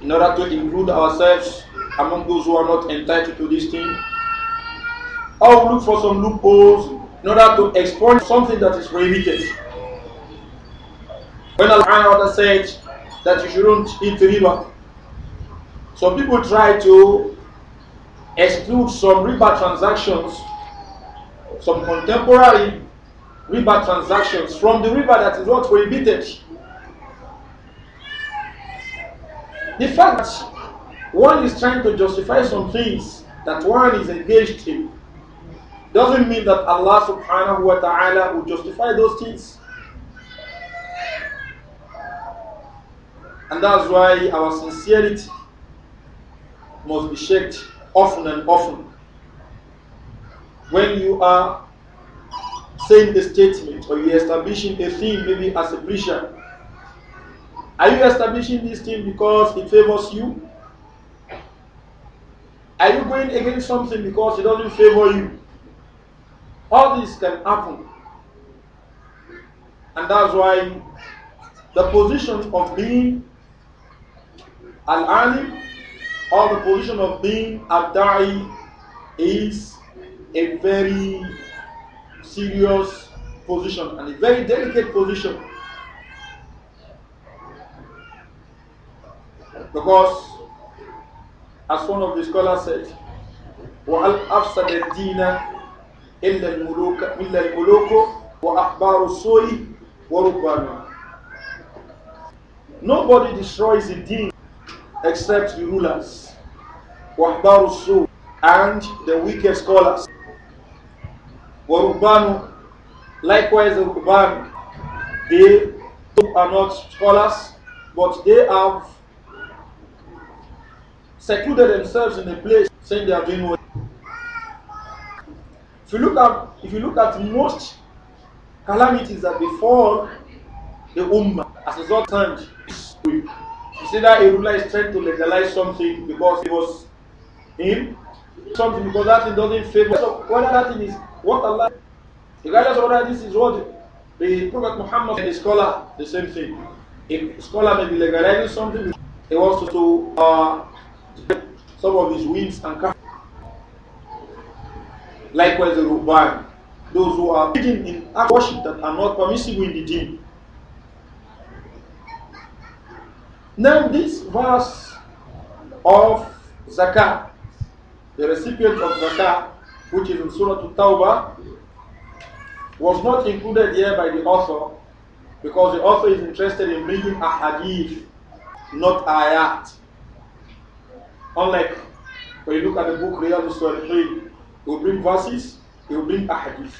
in order to include ourselves among those who are not entitled to this thing. I will look for some loopholes in order to exploit something that is prohibited. When Allah said that you shouldn't eat riba, some people try to exclude some riba transactions, some contemporary riba transactions from the riba that is not prohibited. The fact one is trying to justify some things that one is engaged in. Doesn't mean that Allah subhanahu wa ta'ala will justify those things. And that's why our sincerity must be checked often and often. When you are saying a statement or you're establishing a thing, maybe as a preacher, are you establishing this thing because it favors you? Are you going against something because it doesn't favor you? All this can happen. And that's why the position of being an alim or the position of being a da'i is a very serious position and a very delicate position. Because As one of the scholars said, وَهَلْ أَفْسَدَ الدِّينَ إِلَّا الْمُلُوكَ إِلَّا الْمُلُوكُ وَأَخْبَارُ السُّوءِ وَرُبَّانُ Nobody destroys the deen except the rulers, وَأَخْبَارُ السُّوءِ and the wicked scholars. وَرُبَّانُ Likewise, the they are not scholars, but they have secluded themselves in a place saying they are doing well. If you look at if you look at most calamities that befall the Ummah as a result of you see that a ruler is trying to legalize something because it was him, something because that thing doesn't favor. So whether that thing is what Allah, regardless of whether this is what the Prophet Muhammad and the scholar, the same thing. A scholar may be legalizing something he wants to, to uh, some of his winds and cast. Likewise, the Rubai, those who are taking in worship that are not permissible in the deen. Now, this verse of Zakah, the recipient of Zakah, which is in Surah Tawbah, was not included here by the author because the author is interested in bringing a hadith, not ayat. Unlike when you look at the book Riyadh Salihin, he will bring verses, he will bring ahadith.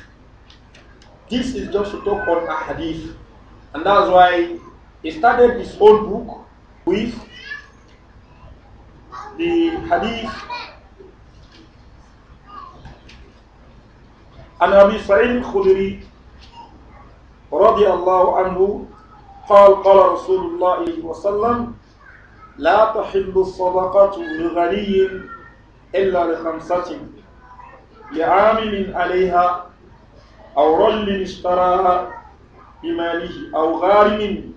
This is just to talk on ahadith. And that's why he started his own book with the hadith عن أبي سعيد الخدري رضي الله عنه قال قال رسول الله صلى الله عليه وسلم لا تحل الصدقة لغني إلا لخمسة لعامل عليها أو رجل اشتراها بماله أو غارم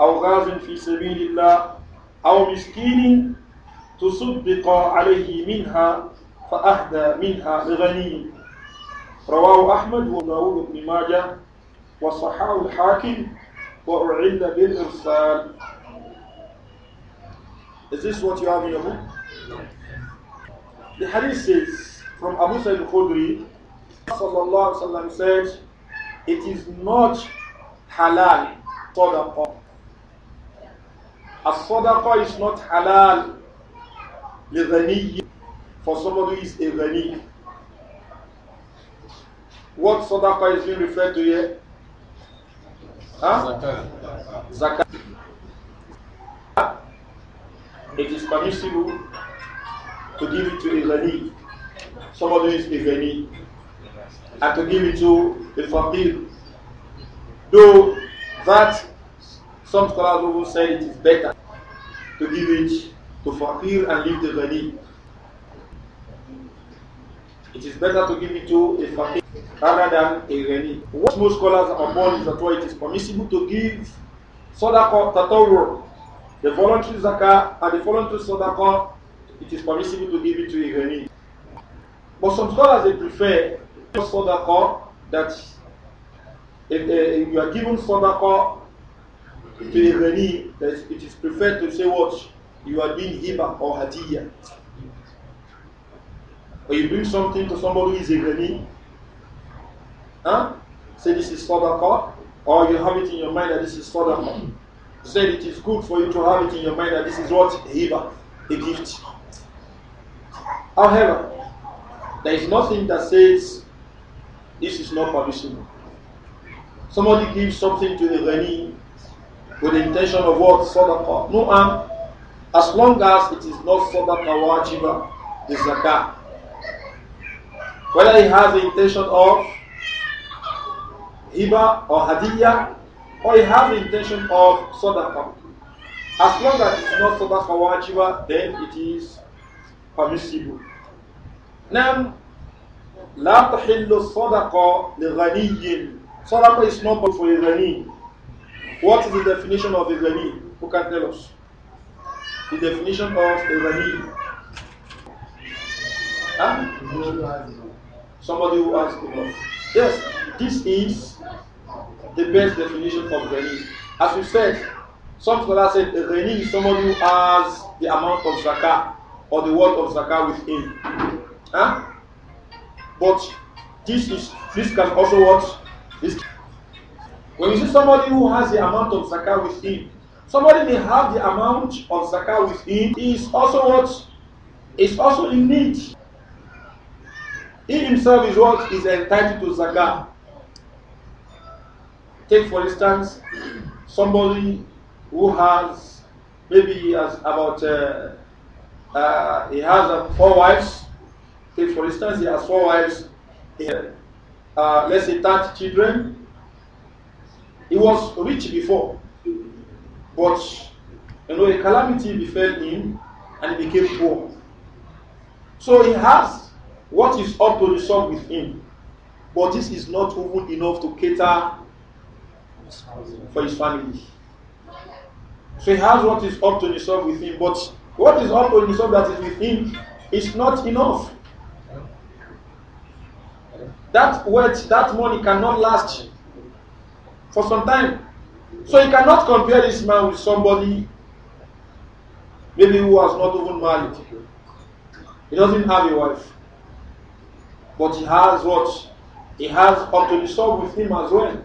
أو غاز في سبيل الله أو مسكين تصدق عليه منها فأهدى منها لغني رواه أحمد وداود بن ماجه وصححه الحاكم وأعد بالإرسال Is this what you have in your book? The hadith says from Abu Sa'id al-Khudri, sallallahu alaihi wasallam said, "It is not halal sadaqah. A sadaqah is not halal for somebody who is a ghani. What sadaqah is being referred to here? Huh? Zakat. Zakat. it is permissible to give it to a Ghani, somebody who is a Ghani, and to give it to a Faqir. Though that, some scholars will say it is better to give it to Faqir and leave the Ghani. It is better to give it to a Faqir rather than a Ghani. What most scholars are upon is that it is permissible to give Sadaqah Tatawur The voluntary zakah and the voluntary sadaqah, it is permissible to give it to a ghani. But some scholars they prefer sadaqah that if, uh, if you are given sadaqah to a ghani, it is preferred to say what you are doing hiba or hadiyah. Or you bring something to somebody who is a ghani, huh? say this is sadaqah, or you have it in your mind that this is sadaqah said it is good for you to have it in your mind that this is what Heba, a gift. However, there is nothing that says this is not permissible. Somebody gives something to the reni with the intention of what? Sadaqah. No harm. Um, as long as it is not Sadaqah wajiba, the zakah. Whether he has the intention of Hiba or Hadiyah, or you have the intention of sadaqah. As long as it's not sadaqah wajiba, then it is permissible. Now, لا تحل الصدقة لغني Sadaqah is not for a ghani. What is the definition of a ghani? Who can tell us? The definition of a ghani. Huh? Somebody who has enough. Yes, this is the best definition of ghani. As we said, some scholars said a ghani is someone who has the amount of zakah or the word of zakah with him. Huh? But this is this can also what this when you see somebody who has the amount of zakah with him, somebody may have the amount of zakah with him, he is also what is also in need. He himself is what is entitled to zakah. Take for instance somebody who has maybe has about uh, uh, he has uh, four wives. Take for instance he has four wives. Uh, let's say 30 children. He was rich before, but you know a calamity befell him and he became poor. So he has what is up to the sum with him, but this is not even enough to cater for his family. So he has what is up to himself with him, but what is up to himself that is with him is not enough. That wealth, that money cannot last for some time. So you cannot compare this man with somebody maybe who has not even married. He doesn't have a wife. But he has what? He has up to himself with him as well.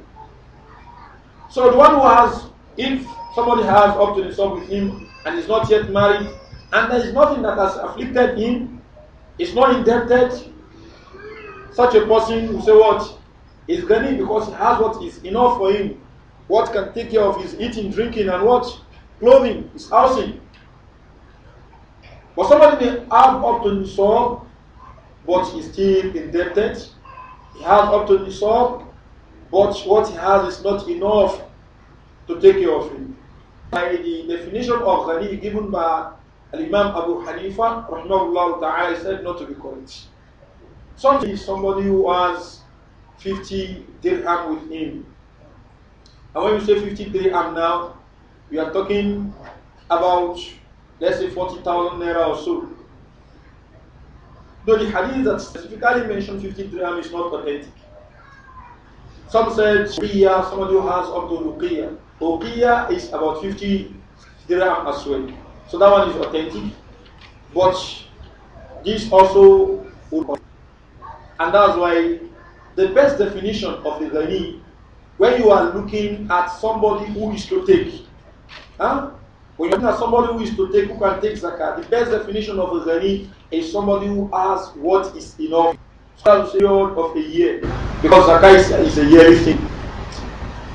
So the one who has, if somebody has up to the sum with him and is not yet married, and there is nothing that has afflicted him, is not indebted, such a person will say what? Is gaining because he has what is enough for him. What can take care of his eating, drinking, and what? Clothing, his housing. But somebody may have up to nisab, but he's still indebted. He has up to nisab, but what he has is not enough to take care of him. By the definition of ghani given by Imam Abu Hanifa, rahmahullah said not to be correct. Somebody somebody who has 50 dirham with him. And when you say 50 dirham now, we are talking about, let's say, 40,000 naira or so. Though the hadith that specifically mentioned 50 dirham is not authentic. Some said Uqiyya, somebody who has up to Uqiyya. Uqiyya is about 50 dirham as well. So that one is authentic. But this also and that's why the best definition of the ghani, when you are looking at somebody who is to take, huh? when you're looking at somebody who is to take, who can take zakat, the best definition of a ghani is somebody who has what is enough period of a year because zakah is, is a yearly thing.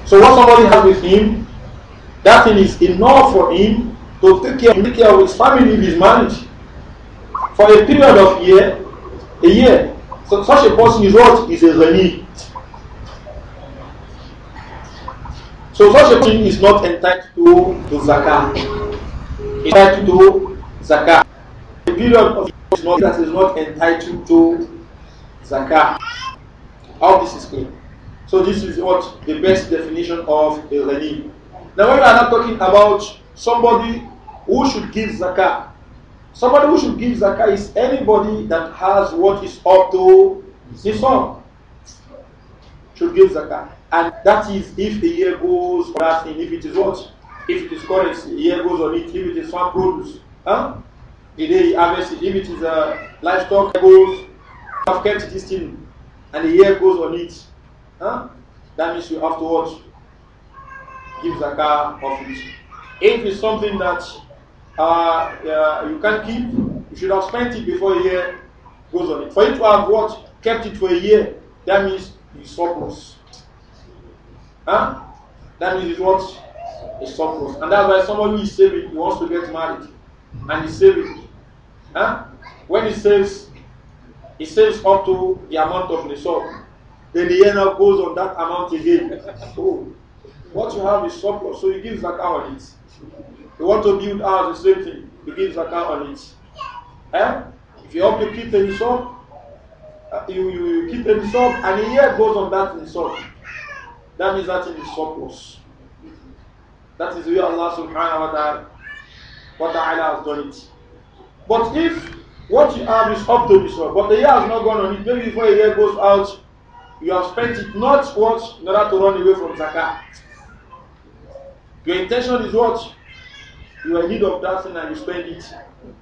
So what somebody has with him, that thing is enough for him to take care, take care of his family his marriage for a period of year, a year. So such a person is what is a ghani. So such a person is not entitled to, to zakah. Entitled to zakah. A period of is not, that is not entitled to zakah. All this is clear. So this is what the best definition of a ghani. Now we are not talking about somebody who should give zakah. Somebody who should give zakah is anybody that has what is up to his own should give zakah. And that is if the year goes on that thing, if it is what? If it is currency, the year goes on it, if it is farm produce, huh? the day he harvests it, if it is a uh, livestock, goes I've kept this thing and the year goes on it. Huh? That means you have to watch. Give zakah of it. If it's something that uh, uh, you can keep, you should have spent it before a year goes on it. For you to have what? Kept it for a year, that means it's surplus. Huh? That means it's what? It's surplus. And that's why someone who is saving, he wants to get married. And he's saving. Huh? When he saves, he saves up to the amount of the soul. Then the owner now goes on that amount again. So, what you have is surplus, so gives that zakah on it. You want to build house, the same thing. You give zakah on it. Eh? If you have to keep the nisab, uh, you, you, you keep the nisab, and the year goes on that nisab. That means that it is surplus. That is where Allah subhanahu wa ta'ala, wa ta'ala has done it. But if What you have is up to this one, but the year has not gone on it. Maybe before a year goes out, you have spent it not what in order to run away from zakah. Your intention is what you are in need of that thing and you spend it.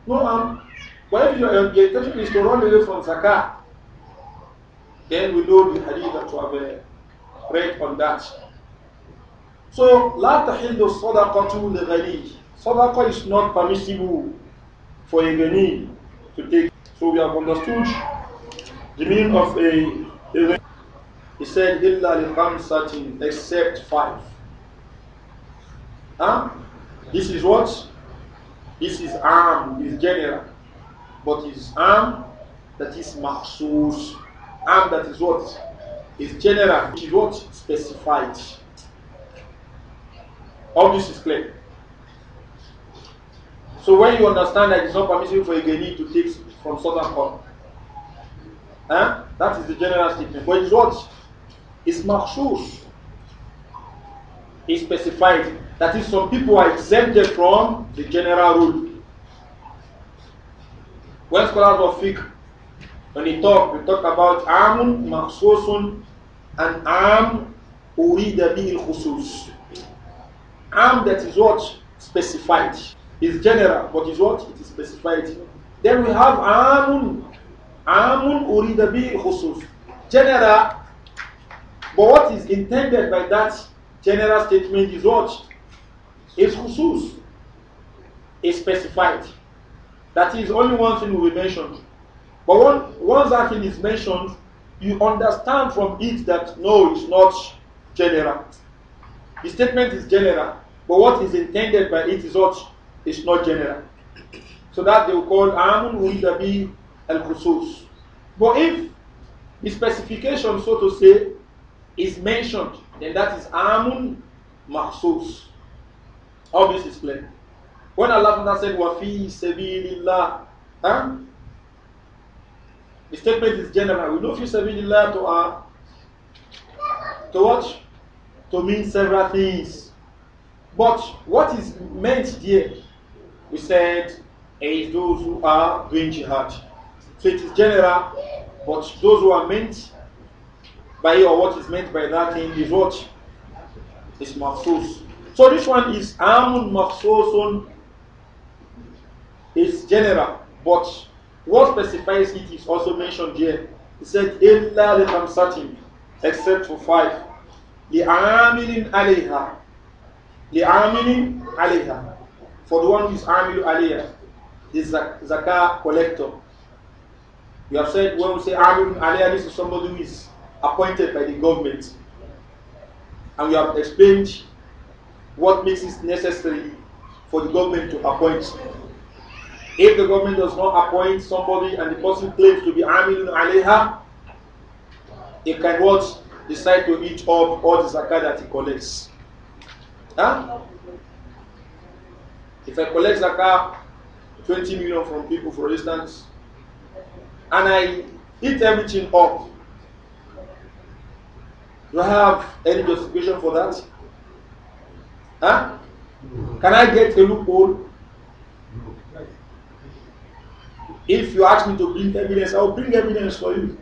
No harm. Um, but if your, your intention is to run away from zakah, then we know the hadith that we have uh, read on that. So, لا تحل الصدقة لغني. Sadaqah is not permissible for a ghani So we have understood the meaning of a. a he said, إِلَّا لِخَمْسَةٍ except five. Huh? This is what? This is arm, is general. But his arm that is mahsus. Arm that is what? Is general, which is what? Specified. All this is clear. So when you understand that it's not permissible for a genie to take from Southern Corn, huh? Eh, that is the general statement. But it's what? It's makshus. It's specified. That is, some people are exempted from the general rule. When scholars of fiqh, when he talk, we talk about amun maksusun and am urida bil khusus. Am that is what? Specified is general, but is what? It is specified. Then we have amun. Amun uridabi bi General. But what is intended by that general statement is what? Is husus, Is specified. That is only one thing will be mentioned. But one, once that thing is mentioned, you understand from it that no, it's not general. The statement is general, but what is intended by it is what Is not general. So that they will call Amun Uridabi al Khusus. But if the specification, so to say, is mentioned, then that is Amun Mahsus. All this is When Allah said, Wafi Sabilillah, huh? the statement is general. We know Fi Sabilillah to, uh, to what? To mean several things. But what is meant here we said is those who are doing jihad. So it is general, but those who are meant by or what is meant by that thing is what? Is mafsus. So this one is amun mafsusun is general, but what specifies it is also mentioned here. It said illa lihamsatin except for five. aleha, the aminin aleha for the one who is Amilu Aliyah, the Zakah collector. You have said, when we say Amilu Aliyah, this is somebody who is appointed by the government. And we have explained what makes it necessary for the government to appoint. If the government does not appoint somebody and the person claims to be Amilu Aleha, it can what? Decide to eat up all the zakah that he collects. Huh? If I collect zakah, 20 million from people, for instance, and I eat everything up, do I have any justification for that? Huh? Can I get a loophole? If you ask me to bring evidence, I will bring evidence for you.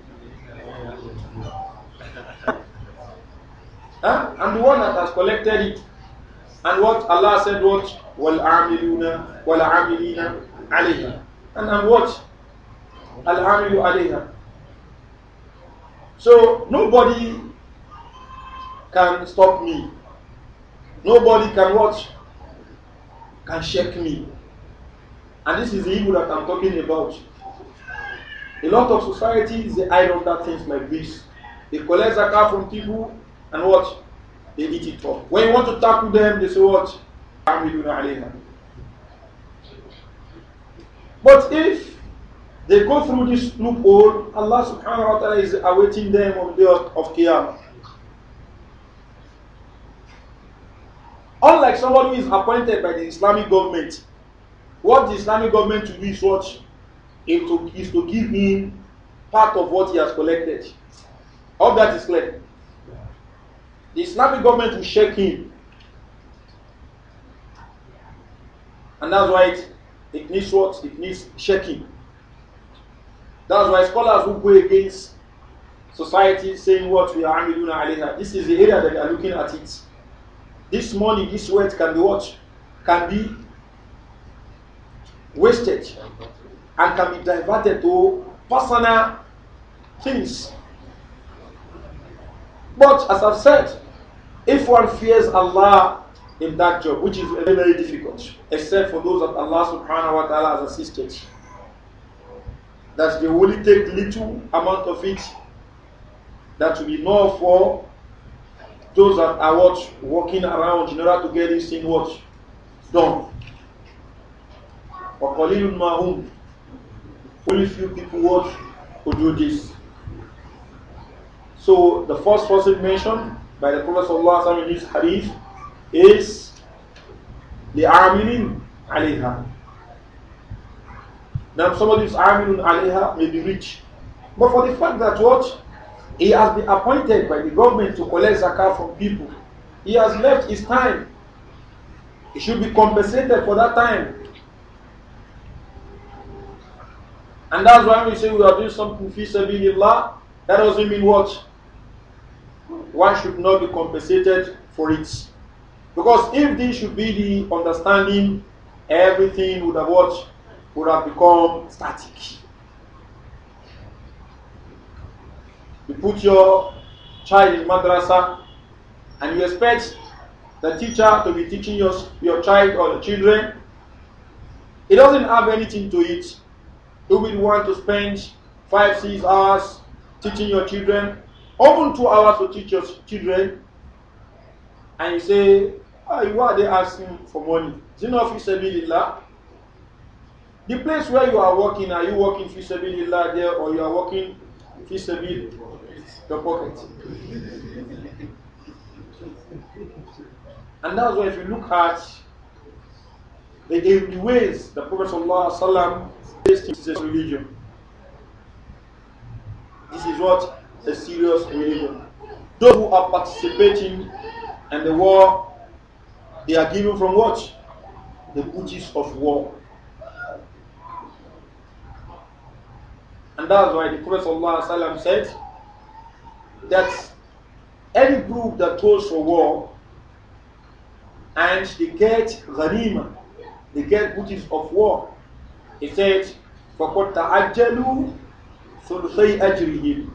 huh? I'm the one that has collected it. And what Allah said, what? وَالْعَامِلُونَ وَالْعَامِلِينَ عَلَيْهَا And I'm what? الْعَامِلُ عَلَيْهَا So nobody can stop me. Nobody can watch, can shake me. And this is the evil that I'm talking about. A lot of societies, they hide under things like this. They collect zakat from people and what? They eat it up. When you want to tackle them, they say what? But if they go through this loophole, Allah subhanahu wa ta'ala is awaiting them on the day of, Qiyamah. Unlike someone who is appointed by the Islamic government, what the Islamic government will do is what is to, is to give him part of what he has collected. All that is clear. The Islamic government will shake him And that's why it, it needs what? It needs shaking. That's why scholars who go against society saying what we are doing, alayha, this is the area that they are looking at it. This money, this wealth can be what? Can be wasted and can be diverted to personal things. But as I've said, if one fears Allah in that job, which is very, very difficult, except for those that Allah subhanahu wa ta'ala has assisted. That they will only take little amount of it that will be more for those that are what walking around in order to get this thing what done. Only few people what who do this. So the first person mentioned by the Prophet in this hadith is the لعامل عليها Now somebody is عامل عليها may be rich. But for the fact that what? He has been appointed by the government to collect zakah from people. He has left his time. He should be compensated for that time. And that's why we say we are doing something fi sabilillah, that doesn't mean what? One should not be compensated for it. Because if this should be the understanding, everything would have what would have become static. You put your child in madrasa and you expect the teacher to be teaching your, your child or the children. It doesn't have anything to it. You would want to spend five, six hours teaching your children, Open two hours to teach your children, and you say why, ah, are they asking for money? Do you know fisabilillah. The place where you are working, are you working fisabilillah there or you are working fisabil your pocket? and that's why if you look at the, the ways the Prophet this is a religion. This is what a serious religion. Those who are participating in the war they are given from what? The booty of war. And that's why the Prophet ﷺ said that any group that goes for war and they get ghanima, they get booty of war, he said, فَقَدْ تَعَجَّلُوا say, أَجْرِهِمْ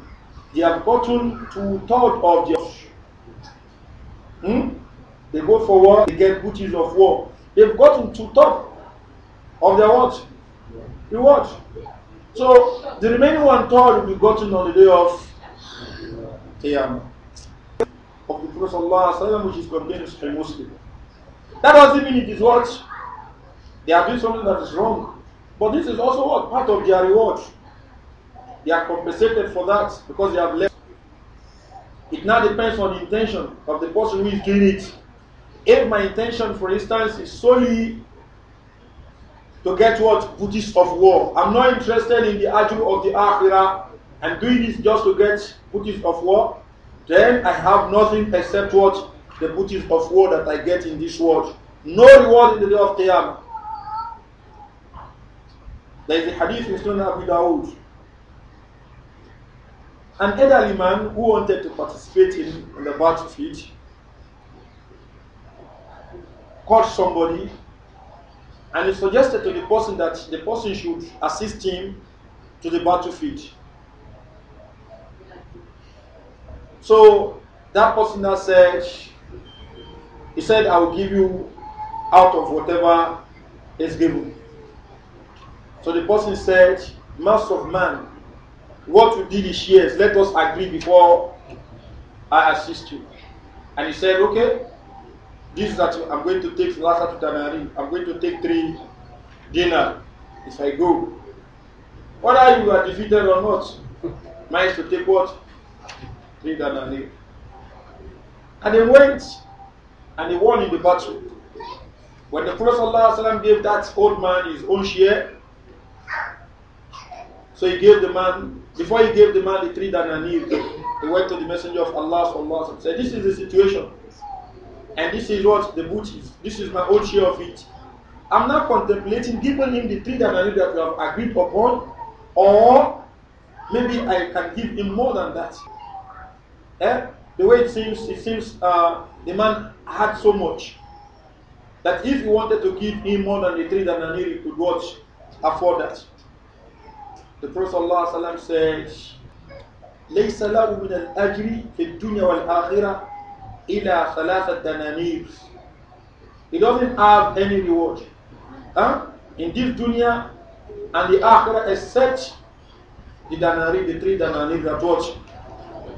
They have gotten to thought of the." Hmm? They go for war, they get booty of war. They've gotten to top of their Reward. So the remaining one third will be gotten on the day of Qiyamah. Of the Prophet which is contained in Muslim. That doesn't mean it is what? They are doing something that is wrong. But this is also what? Part of their reward. They are compensated for that because they have left. It now depends on the intention of the person who is doing it. If my intention, for instance, is solely to get what? Booties of war. I'm not interested in the ajr of the akhirah. I'm doing this just to get booties of war. Then I have nothing except what? The booties of war that I get in this world. No reward in the day of Qiyamah. There is a hadith in Sunan Abu An elderly man who wanted to participate in, in the battlefield caught somebody and he suggested to the person that the person should assist him to the battlefield. So that person said, he said, I will give you out of whatever is given. So the person said, Mass of man, what you did is yes, let us agree before I assist you. And he said, Okay, this that I'm going to take Lassa to Tanari, I'm going to take three dinar if I go. Whether you are defeated or not, managed to take what? Three dinari. And they went and they won in the battle. When the Prophet ﷺ gave that old man his own share, so he gave the man, before he gave the man the three dinari, he went to the messenger of Allah and said, This is the situation. And this is what the boot is. This is my own share of it. I'm now contemplating giving him the three that I knew that we have agreed upon, or maybe I can give him more than that. Eh? The way it seems, it seems uh, the man had so much that if he wanted to give him more than the three that I Nanir, he could watch afford that. The Prophet ﷺ said, ليس له من الأجر في الدنيا والآخرة ila thalathat dananir. He doesn't have any reward. Huh? In this dunya and the akhirah except the dananir, the three dananir that what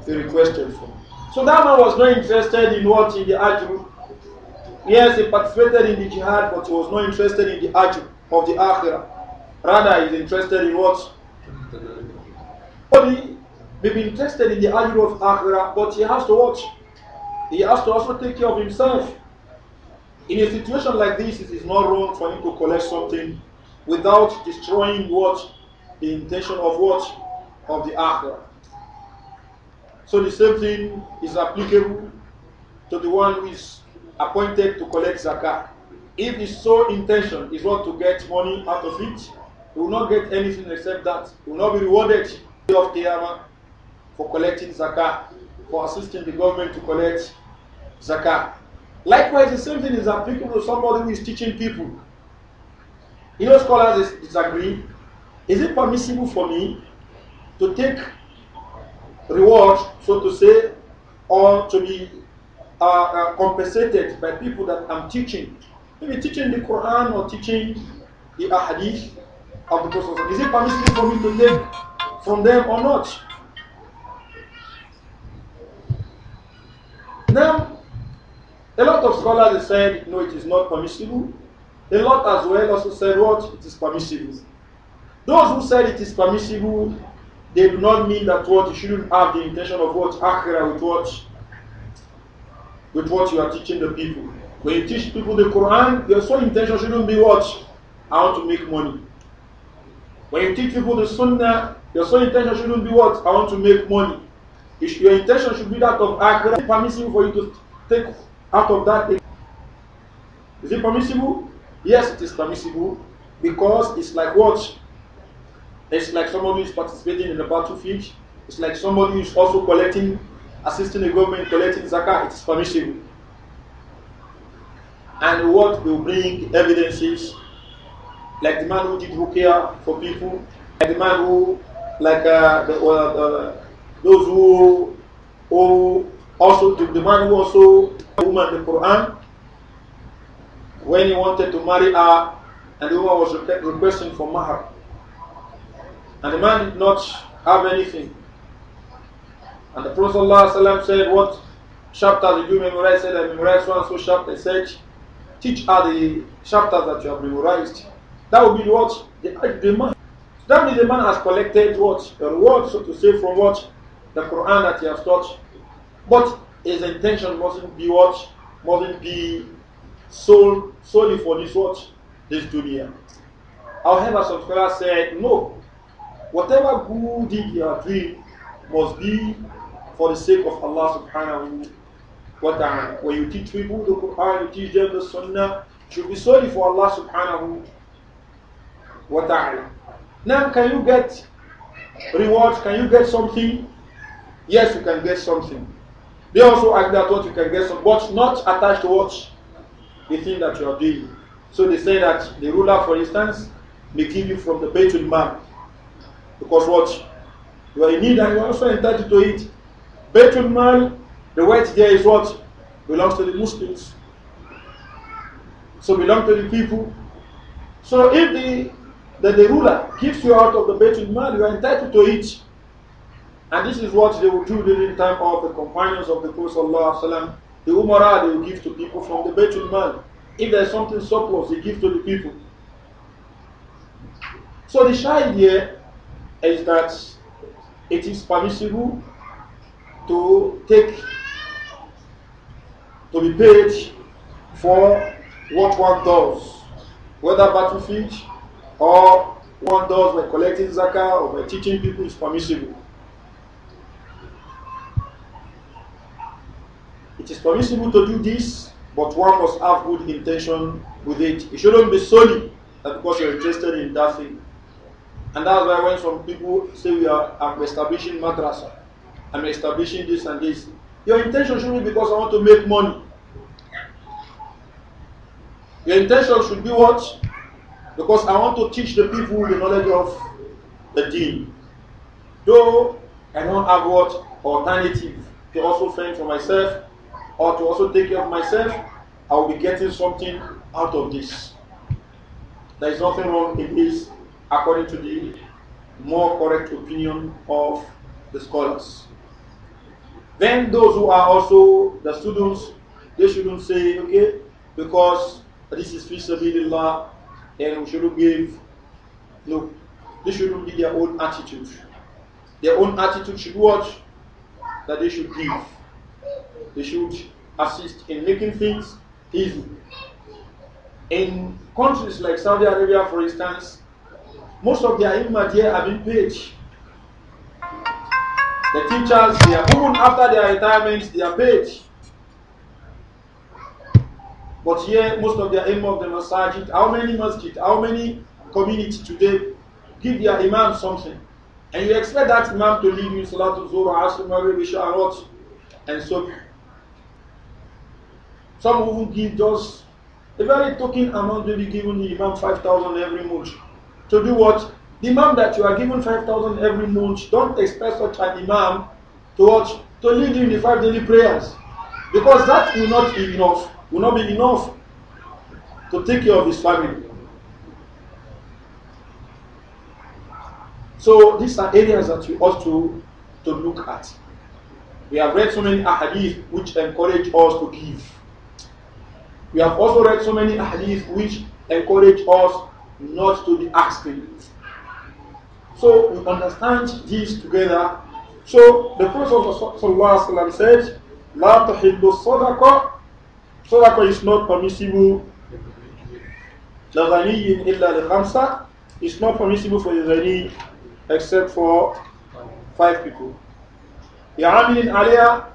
he requested for. So that man was not interested in what in the ajru. Yes, he participated in the jihad, but he was not interested in the ajru of the akhirah. Rather, he's interested in what? But he may be interested in the ajru of akhirah, but he has to watch he has to also take care of himself. In a situation like this, it is not wrong for him to collect something without destroying what the intention of what of the akhirah. So the same thing is applicable to the one who is appointed to collect zakah. If his sole intention is not to get money out of it, he will not get anything except that. He will not be rewarded of Qiyamah for collecting zakah for assisting the government to collect zakat. Likewise, the same thing is applicable to somebody who is teaching people. You know, scholars disagree. Is it permissible for me to take reward, so to say, or to be uh, uh, compensated by people that I'm teaching? Maybe teaching the Quran or teaching the Ahadith of the Prophet. Is it permissible for me to take from them or not? Now, a lot of scholars have said, no, it is not permissible. A lot as well also said, what? It is permissible. Those who said it is permissible, they do not mean that what you shouldn't have the intention of what akhira with what with what you are teaching the people. When you teach people the Quran, your sole intention shouldn't be what? I want to make money. When you teach people the Sunnah, your sole intention shouldn't be what? I want to make money your intention should be that of akhirah. Is it permissible for you to take out of that? Is it permissible? Yes, it is permissible because it's like what? It's like somebody who is participating in the battlefield. It's like somebody who is also collecting, assisting the government collecting zakat. It is permissible. And what will bring evidences, like the man who did care for people, like the man who, like uh, the, uh, those who, who also, the, the man who also, the woman, the Quran, when he wanted to marry her, and the woman was requesting for mahar. And the man did not have anything. And the Prophet ﷺ said, What chapter did you memorize? Said, I memorized one so chapter. He said, Teach her the chapter that you have memorized. That would be what? The, the man. That means the man has collected what? A reward, so to say, from what? the Quran that he has taught. But his intention mustn't be what? Mustn't be sold solely for this what? This dunya. However, some scholars said, no. Whatever good deed you are doing must be for the sake of Allah subhanahu wa ta'ala. When you teach people the Quran, you teach them the Sunnah, it should be solely for Allah subhanahu wa ta'ala. Now, can you get rewards? Can you get something Yes, you can get something. They also ask that what you can get some, but not attached to what the thing that you are doing. So they say that the ruler, for instance, may give you from the Baitul Because what? You are in need and you are also entitled to it. Baitul Mal, the word there is what? Belongs to the Muslims. So belong to the people. So if the, the, the ruler gives you out of the Baitul you are entitled to it. And this is what they will do during the time of the companions of the Prophet ﷺ. The umara they will give to people from the Baitul Mal. If there's something surplus, they give to the people. So the shy idea is that it is permissible to take, to be paid for what one does, whether battlefield or one does by collecting zakah or by teaching people is permissible. It is permissible to do this, but one must have good intention with it. It shouldn't be solely because you're interested in that thing. And that's why when some people say we are I'm establishing madrasa, I'm establishing this and this, your intention should be because I want to make money. Your intention should be what? Because I want to teach the people the knowledge of the deen. Though I don't have what alternative to also fend for myself, or to also take care of myself, I will be getting something out of this. There is nothing wrong in this, according to the more correct opinion of the scholars. Then those who are also the students, they shouldn't say, okay, because this is fisabilillah, and we shouldn't give. No, this shouldn't be their own attitude. Their own attitude should watch that they should give they should assist in making things easy. In countries like Saudi Arabia, for instance, most of their imams here have been paid. The teachers, they are even after their retirements, they are paid. But here, most of their imams of the masjid, how many masjid, how many community today give their imam something? And you expect that imam to leave you Salatul Zuhr, Asr, Maghrib, Isha, and what? And so some even give just a very token amount, maybe giving the Imam 5,000 every month. To do what? The Imam that you are given 5,000 every month, don't expect such an Imam to watch, To lead you in the five daily prayers. Because that will not be enough, will not be enough to take care of his family. So these are areas that we ought to, to look at. We have read so many ahadith which encourage us to give. We have also read so many hadiths which encourage us not to be asking. So we understand this together. So the Prophet ﷺ said, La tahillu sadaqa. Sadaqa is not permissible. La ghaniyin illa al khamsa. It's not permissible for the ghani except for five people. Ya'amilin aliyah,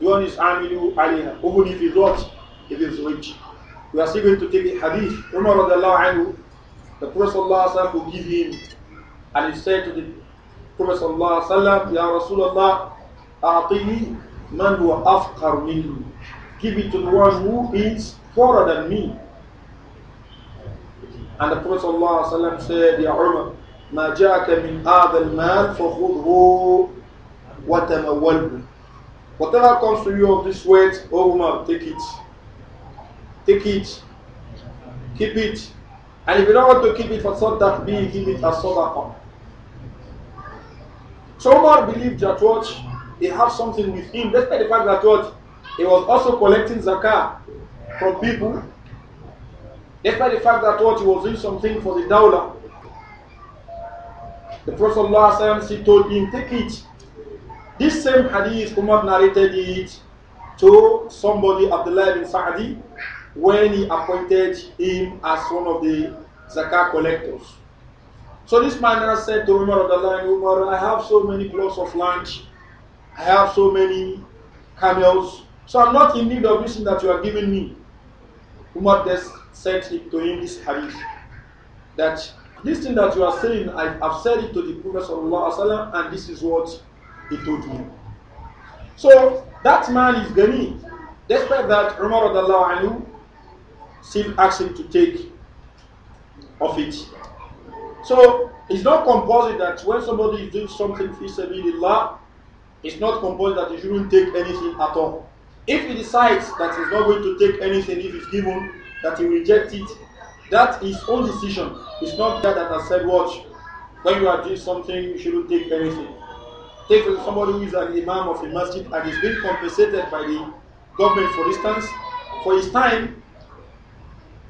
the one is amilu aliyah. Even if he's not, if he's rich. We are still going to take a hadith. Umar anhu, the Prophet sallam, will give him, and he said to the Prophet sallam, Ya Rasulullah, أعطني man huwa afqar minhu. Give it to the one who is poorer than me. And the Prophet ﷺ said, Ya Umar, ما جاءك من هذا المال فخذه وتموله. Whatever comes to you of this weight, O Umar, take it. Take it. Keep it. And if you don't want to keep it for sadaqah, be give it as sadaqah. So Umar believed that what he had something with him, despite the fact that what he was also collecting zakah from people, despite the fact that what he was doing something for the dawla. The Prophet "He told him, take it. This same hadith, Umar narrated it to somebody, the bin in Sa when he appointed him as one of the zakat collectors. So this man said to Umar of the Umar, I have so many plots of land, I have so many camels, so I'm not in need of this that you are giving me. Umar just said to him this hadith that this thing that you are saying, I, have said it to the Prophet وسلم, and this is what he told me. So that man is Ghani. Despite that, Umar anhu still ask him to take of it. So it's not compulsory that when somebody is doing something fi sabilillah, it's not compulsory that he shouldn't take anything at all. If he decides that he's not going to take anything if it's given, that he rejects it, that is his own decision. It's not that that has said, watch, when you are doing something, you shouldn't take anything. Take somebody who is an imam of a masjid and is being compensated by the government, for instance, for his time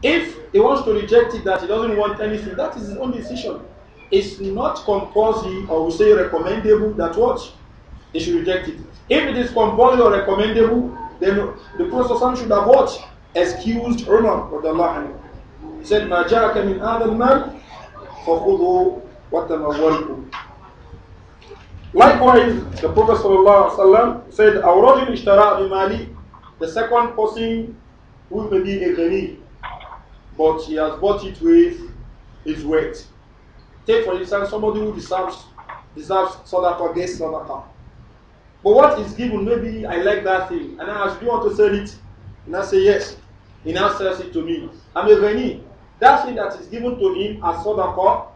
if he wants to reject it, that he doesn't want anything, that is his own decision. It's not compulsory or we say recommendable that what? He should reject it. If it is compulsory or recommendable, then the Prophet should have what? Excused Umar of the Allah. He said, مَا min مِنْ man, الْمَالِ فَخُذُوا Likewise, the Prophet ﷺ said, أَوْرَجُ الْإِشْتَرَى بِمَالِ The second person will be a ghanib but he has bought it with his weight. Take for instance somebody who deserves deserves sadaqa gets sadaqa. But what is given, maybe I like that thing, and I ask, do you want to sell it? And I say yes. He now sells it to me. I'm a veni. That thing that is given to him as sadaqa,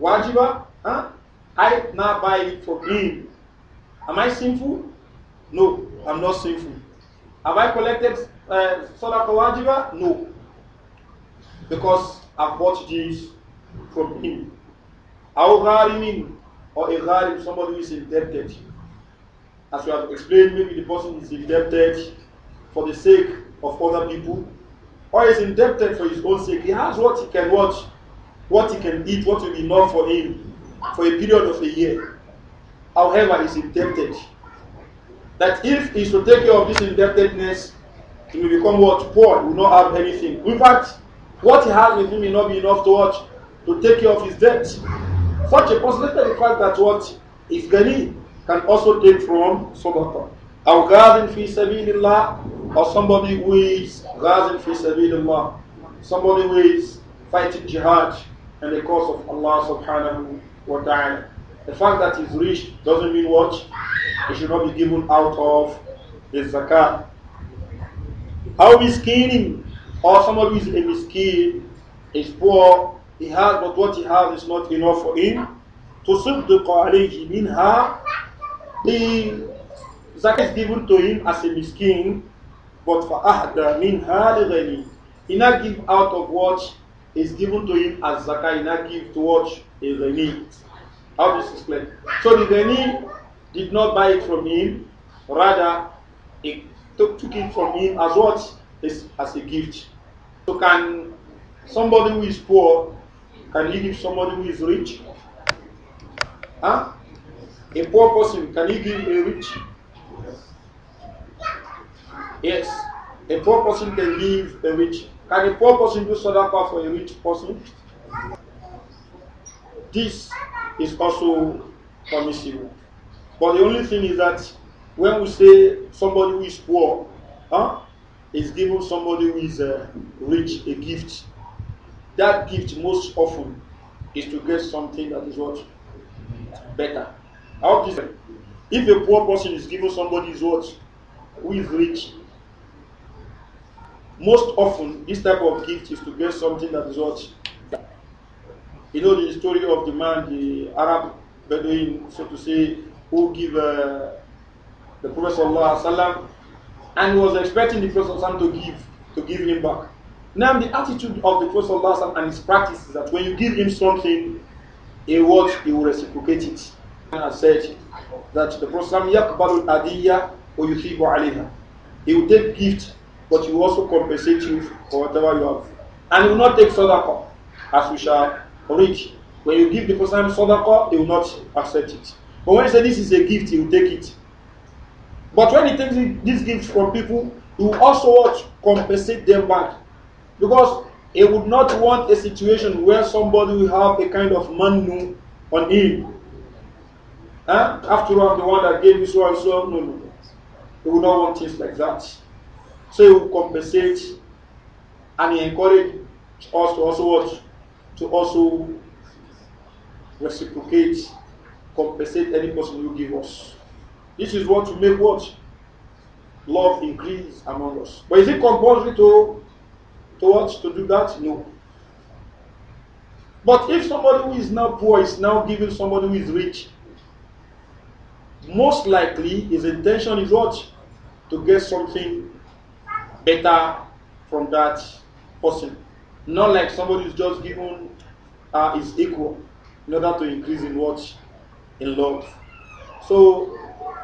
wajiba, huh? I now buy it from him. Am I sinful? No, I'm not sinful. Have I collected uh, sadaqa wajiba? No. because I bought this from him. Aw gharimin or a gharim, somebody who is indebted. As we have explained, maybe the person is indebted for the sake of other people, or is indebted for his own sake. He has what he can watch, what he can eat, what will be enough for him for a period of a year. However, he's indebted. That if he should take care of this indebtedness, he will become what? Poor, will not have anything. In fact, what he has with him may not be enough to watch, to take care of his debt. Such a person, let the fact that what is gani can also take from sadaqah. Our ghazin fi sabilillah, or somebody who is ghazin fi sabilillah, somebody who is fighting jihad in the cause of Allah subhanahu wa ta'ala. The fact that he's rich doesn't mean what? It should not be given out of his zakat. How is miskeening or somebody who is a miskin, is poor, he has, but what he has is not enough for him. To تصدق عليه منها the zakat is given to him as a miskin but فأهدى منها لغني he not give out of what is given to him as zakat he not give to what a غني how this is clear so the غني did not buy it from him rather he took, took it from him as what this as a gift. So can somebody who is poor, can he give somebody who is rich? Huh? A poor person, can he give a rich? Yes. A poor person can give a rich. Can a poor person do sadaqah for a rich person? This is also permissible. But the only thing is that when we say somebody who is poor, huh? is given somebody who is uh, rich a gift. That gift most often is to get something that is what better. it? if a poor person is given somebody's what who is rich, most often this type of gift is to get something that is what you know the story of the man, the Arab Bedouin, so to say, who give uh, the Prophet Allah and was expecting the Prophet to give to give him back. Now the attitude of the Prophet and his practice is that when you give him something, he what he will reciprocate it. And I said that the Prophet yakbalu adiyya or yuthibu alayha. He will take gift, but he will also compensate you for whatever you have. And he will not take sadaqah, as we shall read. When you give the person sadaqah, he will not accept it. But when he says this is a gift, he will take it. But when he takes these gifts from people, he will also compensate them back. Because he would not want a situation where somebody will have a kind of manu on him. Huh? After all, the one that gave you so and so. No, no, no. He would not want things like that. So he will compensate and he encouraged us to also what? To also reciprocate, compensate any person who give us. This is what to make what? Love increase among us. But is it compulsory to, to what? To do that? No. But if somebody who is now poor is now giving somebody who is rich, most likely his intention is what? To get something better from that person. Not like somebody who's just given uh, is equal in order to increase in what? In love. So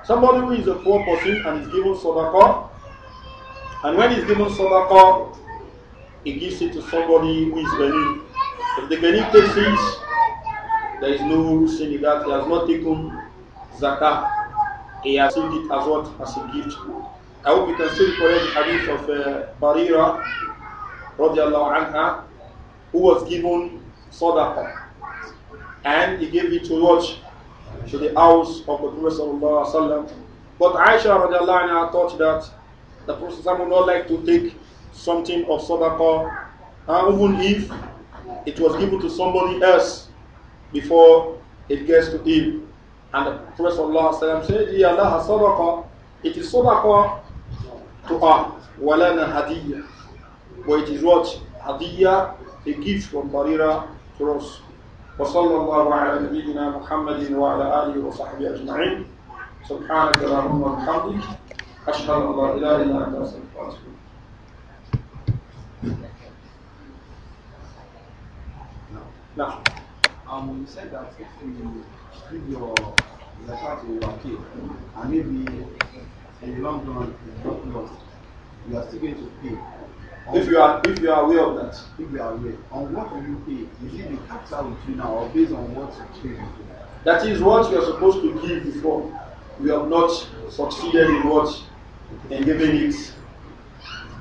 Somebody who is a poor person and is given sadaqah, and when he's given sadaqah, he gives it to somebody who is Ghani. If the Ghani takes it, there is no sin in that. He has not taken zakah. He has seen it as what? As a gift. I hope you can still correct the hadith of uh, Barira, radiallahu anha, who was given sadaqah. And he gave it to watch to the house of the Prophet sallallahu But Aisha radiallahu anha thought that the Prophet would not like to take something of sadaqah, even if it was given to somebody else before it gets to him. And the Prophet sallallahu said, "Ya Allah sadaqah, it is sadaqah to her, walana hadiya, but it is what hadiya, a gift from Barira to us." وصلى الله على نبينا محمد وعلى آله وصحبه أجمعين سبحانك اللهم وبحمدك أشهد أن لا إله إلا أنت أستغفرك وأتوب نعم. Um, you said that if you give your zakat to your kid, and maybe in the long run it's not lost, you are still going to pay. If you are if you are aware of that. If you are aware, on what do you pay? Is it the capital with you now or based on what you pay That is what you are supposed to give before. You have not succeeded in what in giving it.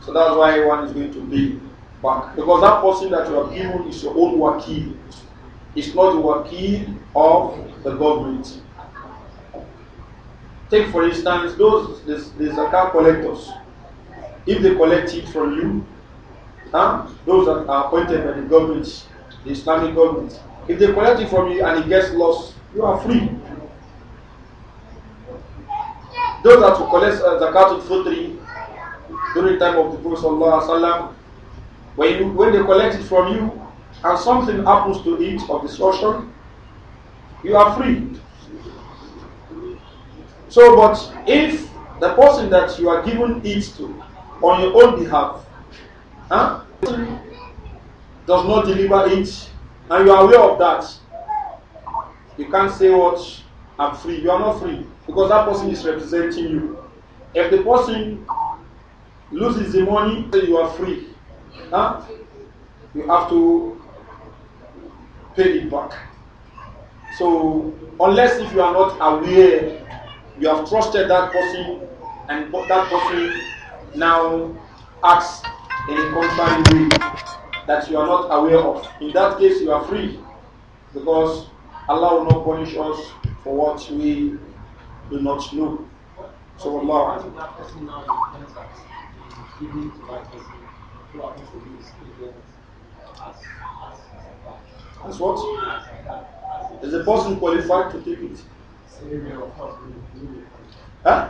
So that's why one is going to pay back. Because that person that you have given is your own wakil. It's not the wakil of the government. Take for instance those the, the zakat collectors if they collect it from you, huh? those that are appointed by the government, the Islamic government, if they collect it from you and it gets lost, you are free. Those that will collect uh, zakat al-fitri during the time of the Prophet when, you, when they collect it from you and something happens to it of destruction, you are free. So, but if the person that you are given it to on your own behalf. Huh? Does not deliver it, and you are aware of that. You can't say what I'm free. You are not free because that person is representing you. If the person loses the money, you are free. Huh? You have to pay it back. So unless if you are not aware, you have trusted that person and that person now acts in a contrary way that you are not aware of. In that case, you are free because Allah will not punish us for what we do not know. So Allah. As what? Is the person qualified to take it? Huh?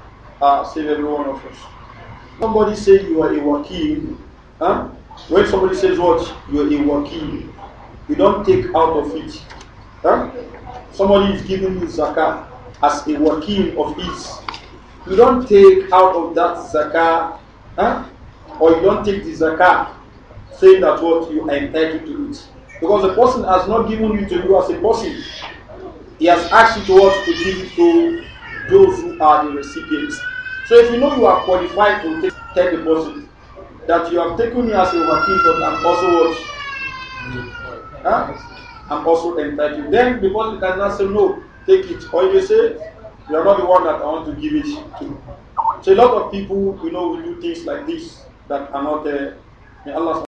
uh, save every one of us. Somebody says you are a wakil. Huh? When somebody says what? You are a wakil. You don't take out of it. Huh? Somebody is giving you zakah as a wakil of his. You don't take out of that zakah. Huh? Or you don't take the zakah saying that what you are entitled to it. Because the person has not given you to you as a person. He has asked you to what to give it to those who are the recipients. So if you know you are qualified to take, take the person, that you have taken me as a working, but I'm also what? Huh? I'm also entitled. Then the person does not say no, take it. Or you say, you are not the one that I want to give it to. So a lot of people, you know, will do things like this that are not there. Uh, may Allah